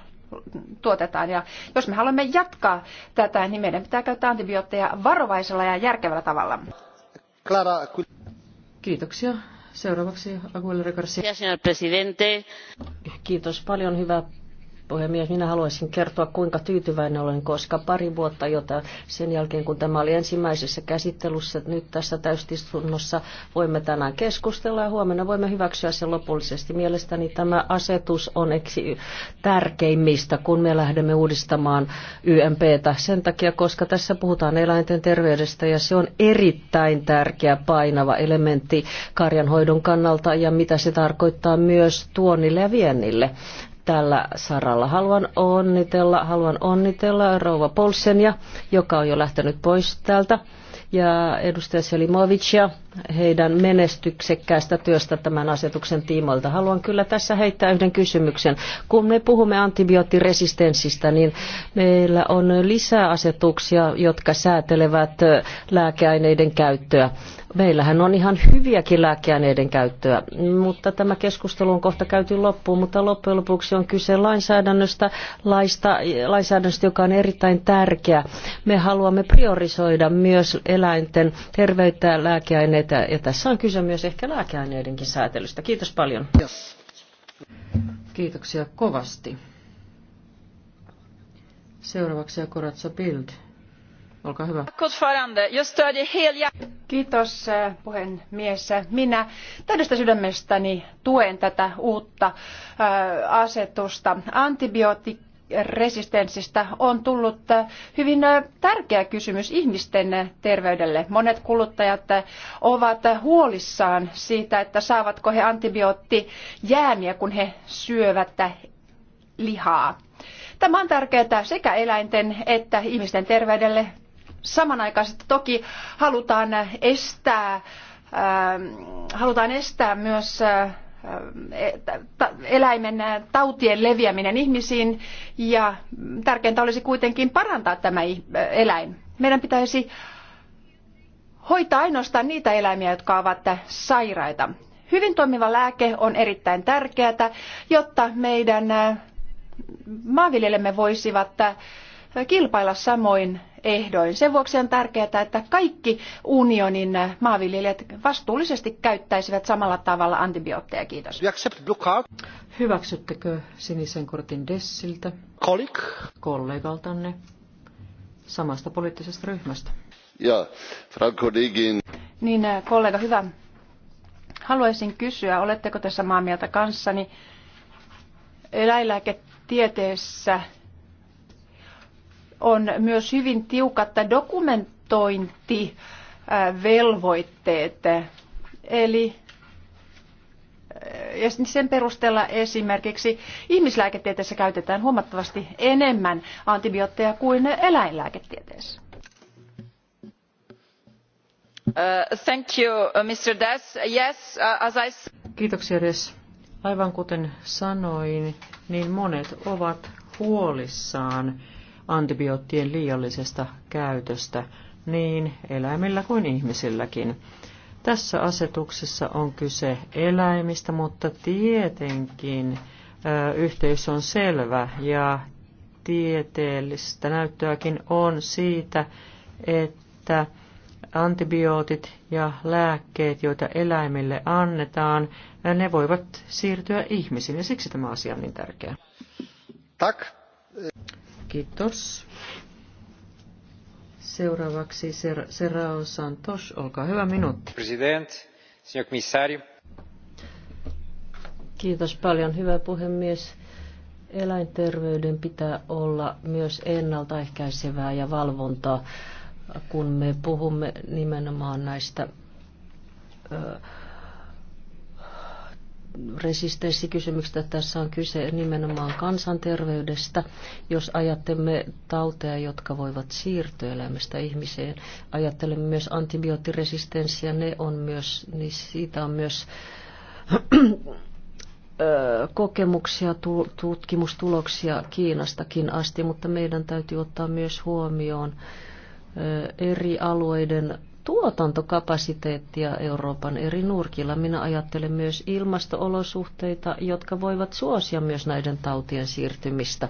Speaker 7: tuotetaan. Ja jos me haluamme jatkaa tätä, niin meidän pitää käyttää antibiootteja varovaisella ja järkevällä tavalla.
Speaker 3: Clara,
Speaker 6: Kiitoksia. Seuraavaksi Aguilera Garcia. Kiitos paljon, hyvä puhemies, minä haluaisin kertoa, kuinka tyytyväinen olen, koska pari vuotta jota sen jälkeen, kun tämä oli ensimmäisessä käsittelyssä, nyt tässä täystistunnossa voimme tänään keskustella ja huomenna voimme hyväksyä sen lopullisesti. Mielestäni tämä asetus on eksi tärkeimmistä, kun me lähdemme uudistamaan YMPtä sen takia, koska tässä puhutaan eläinten terveydestä ja se on erittäin tärkeä painava elementti karjanhoidon kannalta ja mitä se tarkoittaa myös tuonnille ja viennille tällä saralla. Haluan onnitella, haluan onnitella rouva Polsenia, joka on jo lähtenyt pois täältä, ja edustaja Selimovicia, heidän menestyksekkäästä työstä tämän asetuksen tiimoilta. Haluan kyllä tässä heittää yhden kysymyksen. Kun me puhumme antibioottiresistenssistä, niin meillä on lisää asetuksia, jotka säätelevät lääkeaineiden käyttöä. Meillähän on ihan hyviäkin lääkeaineiden käyttöä, mutta tämä keskustelu on kohta käyty loppuun, mutta loppujen lopuksi on kyse lainsäädännöstä, laista, lainsäädännöstä, joka on erittäin tärkeä. Me haluamme priorisoida myös eläinten terveyttä ja lääkeaineita tärkeitä ja tässä on kyse myös ehkä lääkeaineidenkin säätelystä. Kiitos paljon. Jos. Kiitoksia kovasti.
Speaker 5: Seuraavaksi ja Koratsa Bild. Olkaa hyvä.
Speaker 7: Kiitos eh, puhemies. Minä täydestä sydämestäni tuen tätä uutta eh, asetusta. Antibiootit resistenssistä on tullut äh, hyvin äh, tärkeä kysymys ihmisten äh, terveydelle. Monet kuluttajat ovat huolissaan siitä, että saavatko he antibioottijäämiä, kun he syövät lihaa. Tämä on tärkeää sekä eläinten että ihmisten terveydelle. Samanaikaisesti toki halutaan estää, ähm, halutaan estää myös eläimen tautien leviäminen ihmisiin ja tärkeintä olisi kuitenkin parantaa tämä eläin. Meidän pitäisi hoitaa ainoastaan niitä eläimiä, jotka ovat sairaita. Hyvin toimiva lääke on erittäin tärkeää, jotta meidän maanviljelemme voisivat kilpailla samoin ehdoin. Sen vuoksi on tärkeää, että kaikki unionin maanviljelijät vastuullisesti käyttäisivät samalla tavalla antibiootteja. Kiitos.
Speaker 5: Hyväksyttekö sinisen kortin Dessiltä? Kolik. Kollegaltanne samasta poliittisesta ryhmästä.
Speaker 2: Ja, Franco Digin.
Speaker 7: Niin, äh, kollega, hyvä. Haluaisin kysyä, oletteko tässä maan mieltä kanssani? Eläinlääketieteessä on myös hyvin tiukat dokumentointivelvoitteet. Eli ja sen perusteella esimerkiksi ihmislääketieteessä käytetään huomattavasti enemmän antibiootteja kuin eläinlääketieteessä. Uh, thank you, uh, Mr. Yes, uh, as I
Speaker 5: Kiitoksia Des. Aivan kuten sanoin, niin monet ovat huolissaan antibioottien liiallisesta käytöstä niin eläimillä kuin ihmisilläkin. Tässä asetuksessa on kyse eläimistä, mutta tietenkin ö, yhteys on selvä ja tieteellistä näyttöäkin on siitä, että antibiootit ja lääkkeet, joita eläimille annetaan, ne voivat siirtyä ihmisiin ja siksi tämä asia on niin tärkeä. Tak. Kiitos. Seuraavaksi Serrao Santos, olkaa hyvä minuutti.
Speaker 3: President, signor commissario.
Speaker 6: Kiitos paljon, hyvä puhemies. Eläinterveyden pitää olla myös ennaltaehkäisevää ja valvontaa, kun me puhumme nimenomaan näistä ö, resistenssikysymyksestä. Tässä on kyse nimenomaan kansanterveydestä. Jos ajattelemme tauteja, jotka voivat siirtyä elämästä ihmiseen, ajattelemme myös antibioottiresistenssiä. Ne on myös, niin siitä on myös kokemuksia, tutkimustuloksia Kiinastakin asti, mutta meidän täytyy ottaa myös huomioon eri alueiden tuotantokapasiteettia Euroopan eri nurkilla. Minä ajattelen myös ilmastoolosuhteita, jotka voivat suosia myös näiden tautien siirtymistä.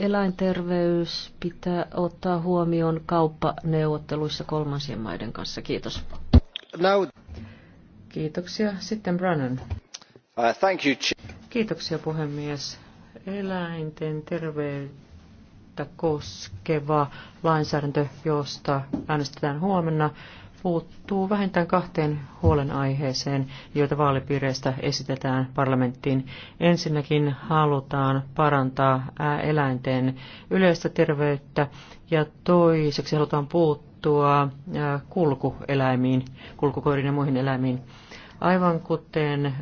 Speaker 6: Eläinterveys pitää ottaa huomioon kauppaneuvotteluissa kolmansien maiden kanssa. Kiitos. Now. Kiitoksia. Sitten Brannan. Uh, thank you. Kiitoksia puhemies.
Speaker 5: Eläinten terveyttä koskeva lainsäädäntö, josta äänestetään huomenna, puuttuu vähintään kahteen huolenaiheeseen, joita vaalipiireistä esitetään parlamenttiin. Ensinnäkin halutaan parantaa eläinten yleistä terveyttä ja toiseksi halutaan puuttua kulkueläimiin, kulkukoiriin ja muihin eläimiin. Aivan kuten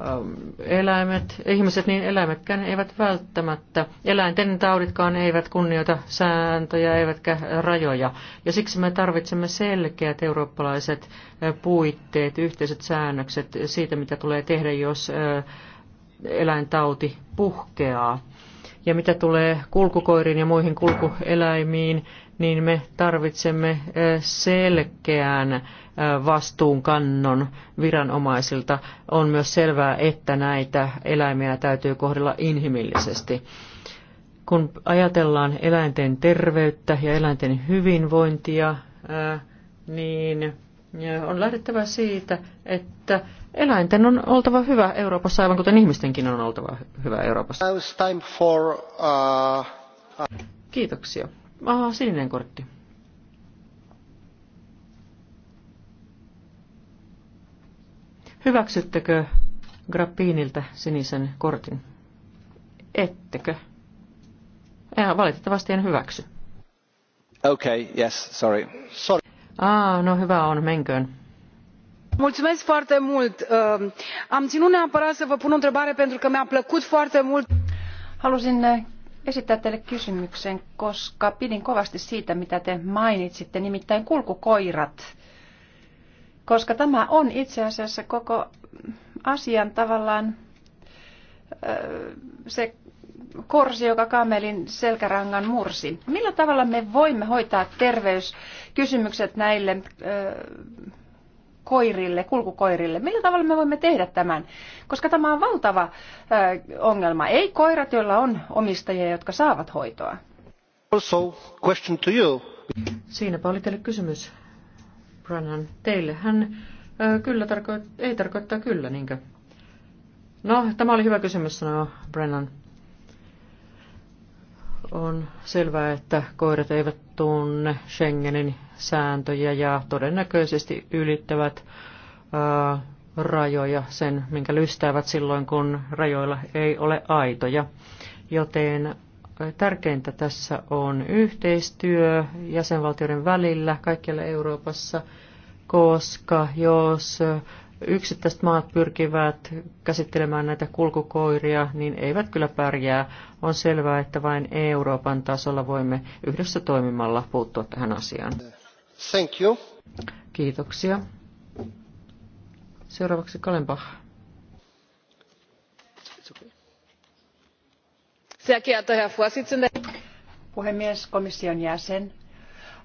Speaker 5: Ähm, eläimet, ihmiset niin eläimetkään eivät välttämättä, eläinten tauditkaan eivät kunnioita sääntöjä eivätkä rajoja. Ja siksi me tarvitsemme selkeät eurooppalaiset puitteet, yhteiset säännökset siitä, mitä tulee tehdä, jos eläintauti puhkeaa. Ja mitä tulee kulkukoiriin ja muihin kulkueläimiin, niin me tarvitsemme selkeän vastuunkannon viranomaisilta. On myös selvää, että näitä eläimiä täytyy kohdella inhimillisesti. Kun ajatellaan eläinten terveyttä ja eläinten hyvinvointia, niin on lähdettävä siitä, että Eläinten on oltava hyvä Euroopassa, aivan kuten ihmistenkin on oltava hyvä Euroopassa.
Speaker 3: Uh, uh, Kiitoksia. Aha, sininen kortti.
Speaker 5: Hyväksyttekö Grappiiniltä sinisen kortin? Ettekö? Ja, valitettavasti en hyväksy.
Speaker 3: Okay, yes, sorry.
Speaker 5: sorry. no hyvä on, menköön
Speaker 7: mulțumesc foarte ehm, am ținut neapărat să vă pun o întrebare pentru că mi a plăcut foarte mult. halusin esittää teille kysymyksen, koska pidin kovasti siitä, mitä te mainitsitte, nimittäin kulkukoirat. Koska tämä on itse asiassa koko asian tavallaan ehm, se korsi, joka kamelin selkärangan mursi. Millä tavalla me voimme hoitaa terveyskysymykset näille ehm, koirille, kulkukoirille. Millä tavalla me voimme tehdä tämän? Koska tämä on valtava ongelma. Ei koirat, joilla on omistajia, jotka saavat hoitoa.
Speaker 3: Also, question to you.
Speaker 5: Siinäpä oli teille kysymys, Brannan.
Speaker 7: hän ää, kyllä
Speaker 5: tarko- ei tarkoittaa kyllä, niinkö? No, tämä oli hyvä kysymys, sanoo Brennan. On selvää, että koirat eivät tunne Schengenin sääntöjä ja todennäköisesti ylittävät ää, rajoja sen, minkä lystäävät silloin, kun rajoilla ei ole aitoja. Joten tärkeintä tässä on yhteistyö jäsenvaltioiden välillä kaikkialla Euroopassa, koska jos yksittäiset maat pyrkivät käsittelemään näitä kulkukoiria, niin eivät kyllä pärjää. On selvää, että vain Euroopan tasolla voimme yhdessä toimimalla puuttua tähän asiaan. Thank you. Kiitoksia. Seuraavaksi Kalenbach.
Speaker 7: Puhemies, komission jäsen,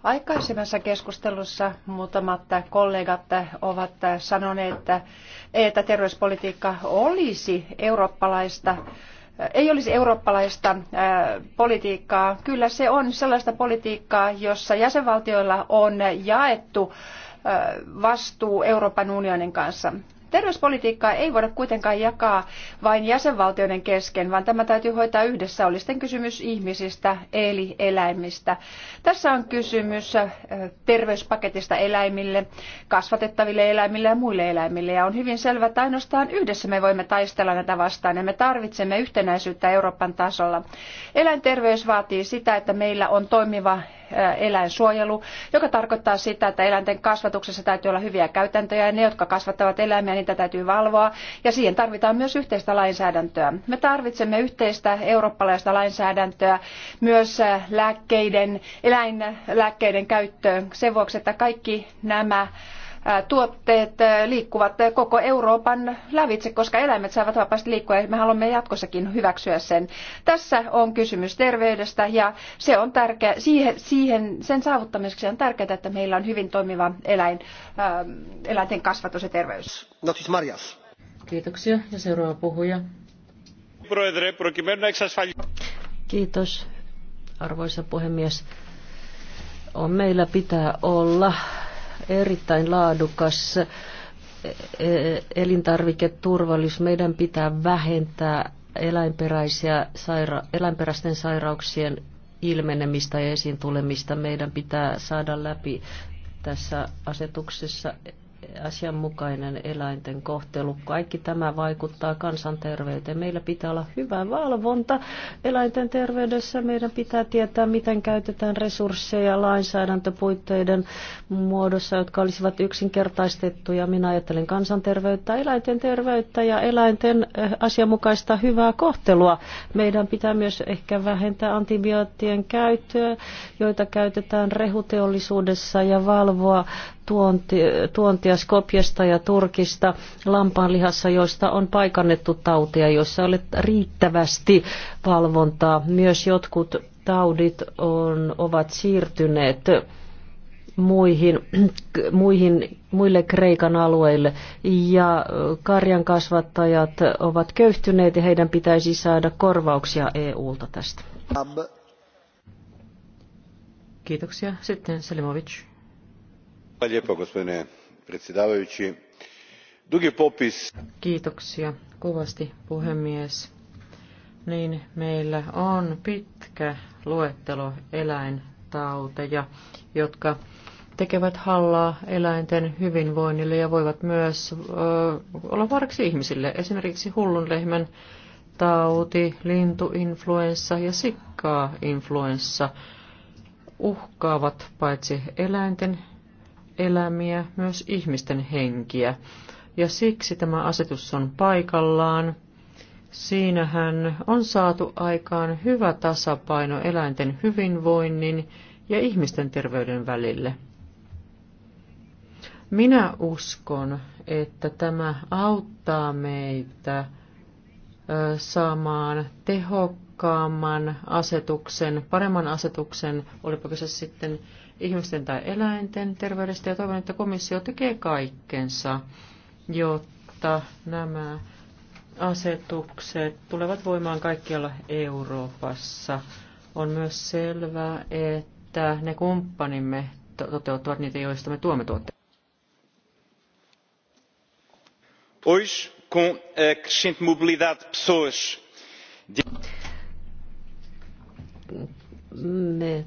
Speaker 7: Aikaisemmassa keskustelussa muutamat kollegat ovat sanoneet, että, että terveyspolitiikka olisi eurooppalaista ei olisi eurooppalaista politiikkaa. Kyllä se on sellaista politiikkaa, jossa jäsenvaltioilla on jaettu vastuu Euroopan unionin kanssa. Terveyspolitiikkaa ei voida kuitenkaan jakaa vain jäsenvaltioiden kesken, vaan tämä täytyy hoitaa yhdessä, oli sitten kysymys ihmisistä eli eläimistä. Tässä on kysymys terveyspaketista eläimille, kasvatettaville eläimille ja muille eläimille. Ja on hyvin selvää, että ainoastaan yhdessä me voimme taistella näitä vastaan ja me tarvitsemme yhtenäisyyttä Euroopan tasolla. Eläinterveys vaatii sitä, että meillä on toimiva eläinsuojelu, joka tarkoittaa sitä, että eläinten kasvatuksessa täytyy olla hyviä käytäntöjä ja ne, jotka kasvattavat eläimiä, niitä täytyy valvoa ja siihen tarvitaan myös yhteistä lainsäädäntöä. Me tarvitsemme yhteistä eurooppalaista lainsäädäntöä myös lääkkeiden, eläinlääkkeiden käyttöön sen vuoksi, että kaikki nämä tuotteet liikkuvat koko Euroopan lävitse, koska eläimet saavat vapaasti liikkua ja me haluamme jatkossakin hyväksyä sen. Tässä on kysymys terveydestä ja se on tärkeä, siihen, siihen, sen saavuttamiseksi on tärkeää, että meillä on hyvin toimiva eläin, eläinten kasvatus ja terveys.
Speaker 6: Marjas. Kiitoksia ja seuraava puhuja. Kiitos, arvoisa puhemies. On meillä pitää olla erittäin laadukas e, e, elintarviketurvallisuus. Meidän pitää vähentää eläinperäisiä saira- eläinperäisten sairauksien ilmenemistä ja esiin tulemista. Meidän pitää saada läpi tässä asetuksessa asianmukainen eläinten kohtelu. Kaikki tämä vaikuttaa kansanterveyteen. Meillä pitää olla hyvä valvonta eläinten terveydessä. Meidän pitää tietää, miten käytetään resursseja lainsäädäntöpuitteiden muodossa, jotka olisivat yksinkertaistettuja. Minä ajattelen kansanterveyttä, eläinten terveyttä ja eläinten eh, asianmukaista hyvää kohtelua. Meidän pitää myös ehkä vähentää antibioottien käyttöä, joita käytetään rehuteollisuudessa ja valvoa tuonti, tuontia Skopjesta ja Turkista lampaanlihassa, joista on paikannettu tautia, joissa ei ole riittävästi valvontaa. Myös jotkut taudit on, ovat siirtyneet muihin, muihin, muille Kreikan alueille. Ja karjan kasvattajat ovat köyhtyneet ja heidän pitäisi saada korvauksia EU-ta tästä.
Speaker 5: Kiitoksia. Sitten Selimovic
Speaker 2: gospodine predsjedniče
Speaker 3: dugi popis.
Speaker 5: kiitoksia kovasti puhemies niin meillä on pitkä luettelo eläintauteja jotka tekevät hallaa eläinten hyvinvoinnille ja voivat myös ö, olla vaaraksi ihmisille. Esimerkiksi hullunlehmän tauti, lintuinfluenssa ja sikkaa-influenssa uhkaavat paitsi eläinten eläimiä, myös ihmisten henkiä. Ja siksi tämä asetus on paikallaan. Siinähän on saatu aikaan hyvä tasapaino eläinten hyvinvoinnin ja ihmisten terveyden välille. Minä uskon, että tämä auttaa meitä saamaan tehokkaamman asetuksen, paremman asetuksen, olipa se sitten ihmisten tai eläinten terveydestä ja toivon, että komissio tekee kaikkensa, jotta nämä asetukset tulevat voimaan kaikkialla Euroopassa. On myös selvää, että ne kumppanimme toteuttavat niitä, joista me tuomme tuotteita.
Speaker 3: Hoje, com a crescente mobilidade de pessoas,
Speaker 6: me,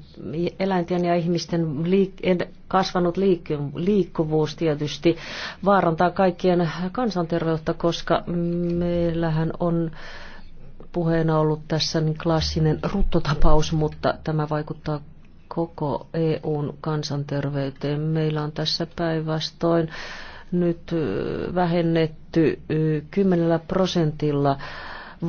Speaker 6: eläinten ja ihmisten liik, kasvanut liik, liikkuvuus tietysti vaarantaa kaikkien kansanterveyttä, koska meillähän on puheena ollut tässä niin klassinen ruttotapaus, mutta tämä vaikuttaa koko EUn kansanterveyteen. Meillä on tässä päinvastoin nyt vähennetty 10 prosentilla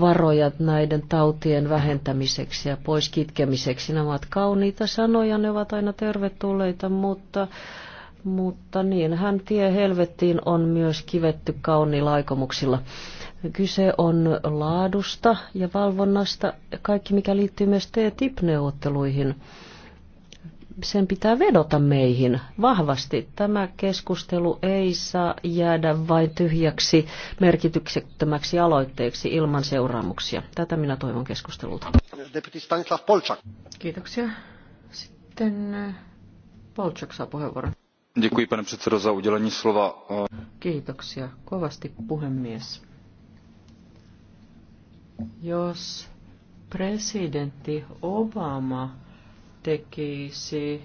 Speaker 6: varoja näiden tautien vähentämiseksi ja pois kitkemiseksi. Nämä ovat kauniita sanoja, ne ovat aina tervetulleita, mutta mutta niin, hän tie helvettiin on myös kivetty kauniilla aikomuksilla. Kyse on laadusta ja valvonnasta, kaikki mikä liittyy myös TTIP-neuvotteluihin sen pitää vedota meihin vahvasti. Tämä keskustelu ei saa jäädä vain tyhjäksi merkityksettömäksi aloitteeksi ilman seuraamuksia. Tätä minä toivon keskustelulta.
Speaker 3: Deputy Kiitoksia. Sitten eh, Polchak saa puheenvuoron. Děkuji, pane předsedo, za udělení slova.
Speaker 5: Kiitoksia kovasti, puhemies. Jos presidentti Obama tekisi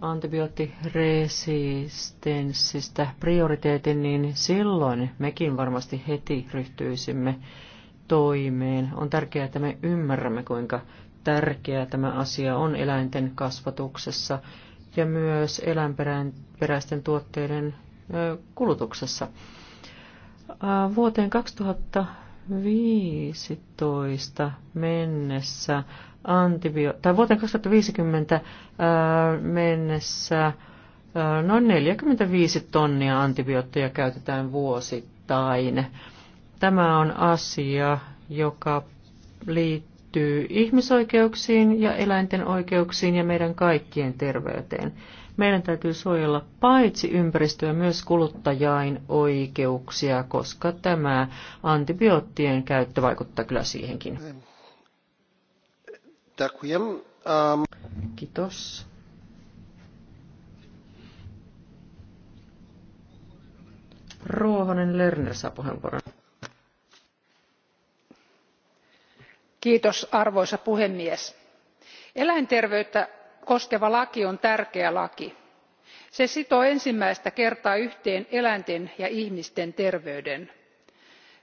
Speaker 5: antibioottiresistenssistä prioriteetin, niin silloin mekin varmasti heti ryhtyisimme toimeen. On tärkeää, että me ymmärrämme, kuinka tärkeä tämä asia on eläinten kasvatuksessa ja myös eläinperäisten tuotteiden kulutuksessa. Vuoteen 2015 mennessä antibio- tai vuoteen 2050 äh, mennessä äh, noin 45 tonnia antibiootteja käytetään vuosittain. Tämä on asia, joka liittyy ihmisoikeuksiin ja eläinten oikeuksiin ja meidän kaikkien terveyteen. Meidän täytyy suojella paitsi ympäristöä myös kuluttajain oikeuksia, koska tämä antibioottien käyttö vaikuttaa kyllä siihenkin.
Speaker 3: Kiitos.
Speaker 5: Ruohonen Lerner saa puheenvuoron.
Speaker 7: Kiitos arvoisa puhemies. Eläinterveyttä koskeva laki on tärkeä laki. Se sitoo ensimmäistä kertaa yhteen eläinten ja ihmisten terveyden.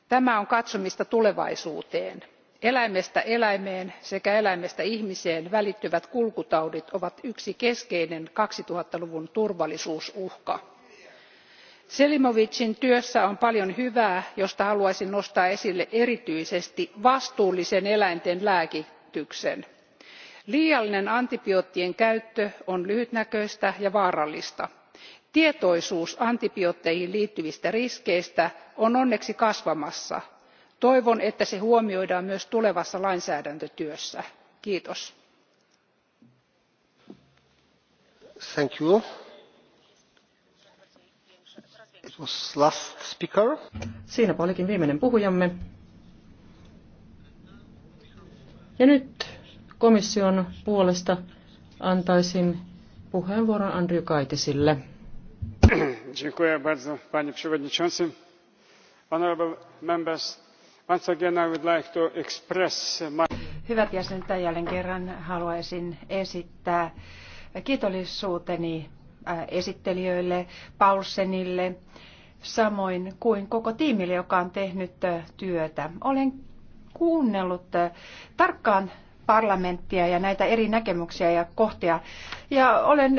Speaker 7: Tämä on katsomista tulevaisuuteen eläimestä eläimeen sekä eläimestä ihmiseen välittyvät kulkutaudit ovat yksi keskeinen kaksituhatta luvun turvallisuusuhka.
Speaker 4: selimovicin
Speaker 7: työssä on paljon hyvää josta haluaisin nostaa esille erityisesti vastuullisen eläinten lääkityksen. liiallinen antibioottien käyttö on lyhytnäköistä ja vaarallista. tietoisuus antibiootteihin liittyvistä riskeistä on onneksi kasvamassa toivon että se huomioidaan myös tulevassa lainsäädäntötyössä. kiitos.
Speaker 5: siinäpä olikin viimeinen puhujamme. Ja nyt komission puolesta antaisin puheenvuoron Andrew Kaitisille.
Speaker 3: Dziękuję bardzo, panie przewodniczący. Honorable members,
Speaker 7: Hyvät jäsenet, jälleen kerran haluaisin esittää kiitollisuuteni äh, esittelijöille, Paulsenille, samoin kuin koko tiimille, joka on tehnyt äh, työtä. Olen kuunnellut äh, tarkkaan parlamenttia ja näitä eri näkemyksiä ja kohtia. Ja olen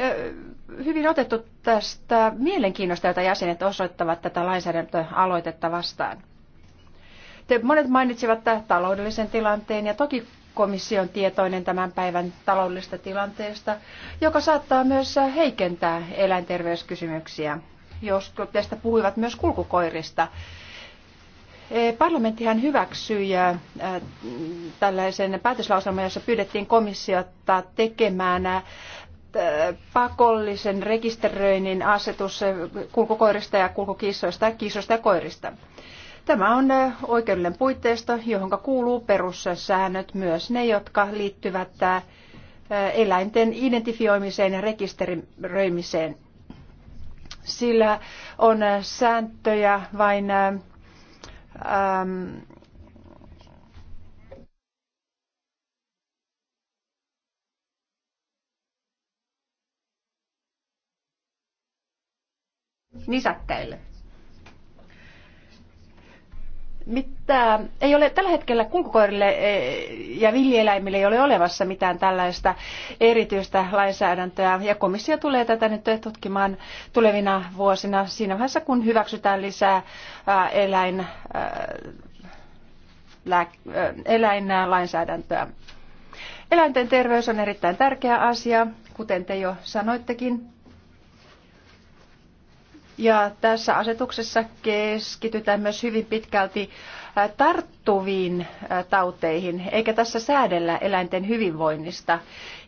Speaker 7: hyvin otettu tästä mielenkiinnosta, jota jäsenet osoittavat tätä lainsäädäntöaloitetta vastaan. Te monet mainitsivat tämän taloudellisen tilanteen ja toki komissio on tietoinen tämän päivän taloudellisesta tilanteesta, joka saattaa myös heikentää eläinterveyskysymyksiä. Jos tästä puhuivat myös kulkukoirista. E, parlamenttihan hyväksyi tällaisen päätöslauselman, jossa pyydettiin komissiota tekemään pakollisen rekisteröinnin asetus kulkukoirista ja kulkukissoista, kissoista ja koirista. Tämä on oikeudellinen puitteisto, johon kuuluu perussäännöt myös ne, jotka liittyvät eläinten identifioimiseen ja rekisteröimiseen. Sillä on sääntöjä vain ähm,
Speaker 1: nisäkkäille
Speaker 7: mitä, ei ole tällä hetkellä kulkukoirille eh, ja villieläimille ei ole olemassa mitään tällaista erityistä lainsäädäntöä. Ja komissio tulee tätä nyt tutkimaan tulevina vuosina siinä vaiheessa, kun hyväksytään lisää eh, eläin, eh, eläinlainsäädäntöä. Eläinten terveys on erittäin tärkeä asia, kuten te jo sanoittekin. Ja tässä asetuksessa keskitytään myös hyvin pitkälti tarttuviin tauteihin, eikä tässä säädellä eläinten hyvinvoinnista.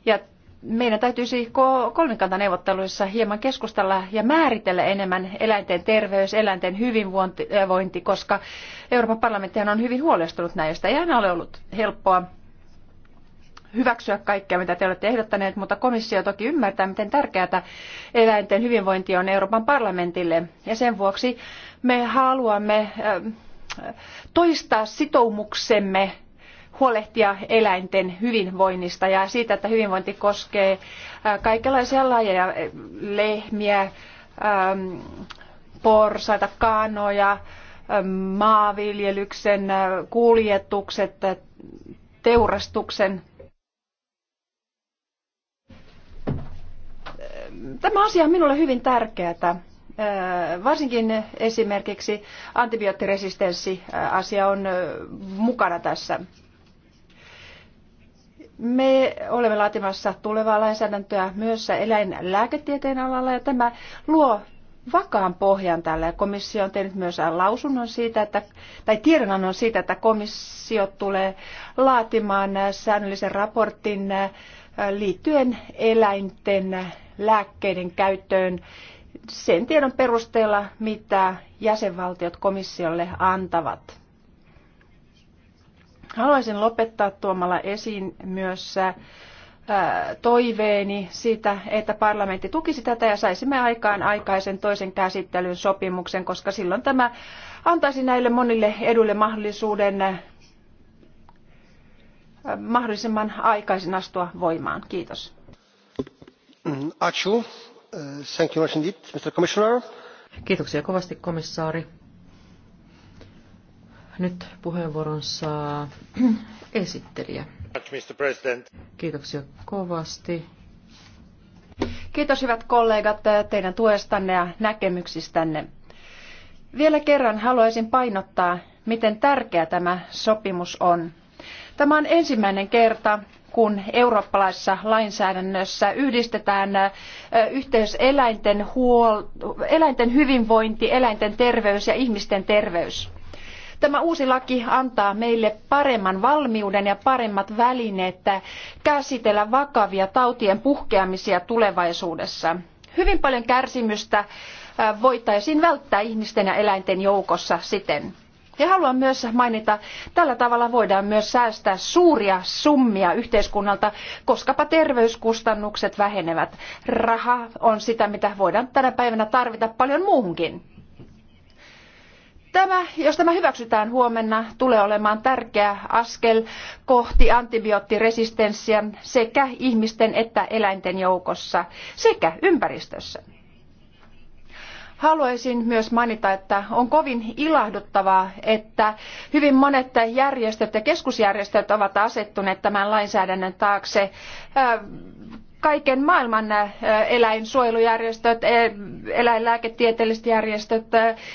Speaker 7: Ja meidän täytyisi kolmikantaneuvotteluissa hieman keskustella ja määritellä enemmän eläinten terveys, eläinten hyvinvointi, koska Euroopan parlamentti on hyvin huolestunut näistä. Ei aina ole ollut helppoa hyväksyä kaikkea, mitä te olette ehdottaneet, mutta komissio toki ymmärtää, miten tärkeää eläinten hyvinvointi on Euroopan parlamentille. Ja sen vuoksi me haluamme toistaa sitoumuksemme huolehtia eläinten hyvinvoinnista ja siitä, että hyvinvointi koskee kaikenlaisia lajeja, lehmiä, porsaita, kanoja, maanviljelyksen, kuljetukset, teurastuksen tämä asia on minulle hyvin tärkeää. Varsinkin esimerkiksi antibioottiresistenssiasia on mukana tässä. Me olemme laatimassa tulevaa lainsäädäntöä myös eläinlääketieteen alalla ja tämä luo vakaan pohjan tälle. Komissio on tehnyt myös lausunnon siitä, että, tai tiedonannon siitä, että komissio tulee laatimaan säännöllisen raportin liittyen eläinten lääkkeiden käyttöön sen tiedon perusteella, mitä jäsenvaltiot komissiolle antavat. Haluaisin lopettaa tuomalla esiin myös toiveeni siitä, että parlamentti tukisi tätä ja saisimme aikaan aikaisen toisen käsittelyn sopimuksen, koska silloin tämä antaisi näille monille edulle mahdollisuuden mahdollisimman aikaisin astua voimaan. Kiitos.
Speaker 3: Mm, uh, Kiitoksia kovasti komissaari.
Speaker 5: Nyt puheenvuoron saa (clears throat) esittelijä. Kiitoksia
Speaker 7: kovasti. Kiitos hyvät kollegat teidän tuestanne ja näkemyksistänne. Vielä kerran haluaisin painottaa, miten tärkeä tämä sopimus on. Tämä on ensimmäinen kerta, kun eurooppalaisessa lainsäädännössä yhdistetään yhteys eläinten, huol- eläinten hyvinvointi, eläinten terveys ja ihmisten terveys. Tämä uusi laki antaa meille paremman valmiuden ja paremmat välineet käsitellä vakavia tautien puhkeamisia tulevaisuudessa. Hyvin paljon kärsimystä voitaisiin välttää ihmisten ja eläinten joukossa siten. Ja haluan myös mainita, tällä tavalla voidaan myös säästää suuria summia yhteiskunnalta, koskapa terveyskustannukset vähenevät. Raha on sitä, mitä voidaan tänä päivänä tarvita paljon muuhunkin. Tämä, jos tämä hyväksytään huomenna, tulee olemaan tärkeä askel kohti antibioottiresistenssiä sekä ihmisten että eläinten joukossa sekä ympäristössä. Haluaisin myös mainita, että on kovin ilahduttavaa, että hyvin monet järjestöt ja keskusjärjestöt ovat asettuneet tämän lainsäädännön taakse kaiken maailman eläinsuojelujärjestöt, e, eläinlääketieteelliset järjestöt.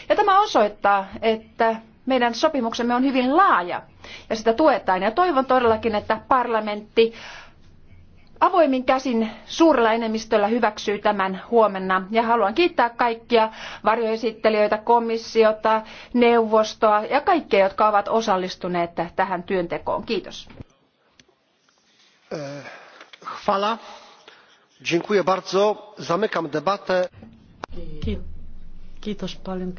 Speaker 7: Ja tämä osoittaa, että meidän sopimuksemme on hyvin laaja ja sitä tuetaan. Ja toivon todellakin, että parlamentti avoimin käsin suurella enemmistöllä hyväksyy tämän huomenna. Ja haluan kiittää kaikkia varjoesittelijöitä, komissiota, neuvostoa ja kaikkia, jotka ovat osallistuneet tähän työntekoon. Kiitos.
Speaker 6: Eh,
Speaker 3: Dziękuję bardzo. Zamykam debatę.
Speaker 6: Kiitos paljon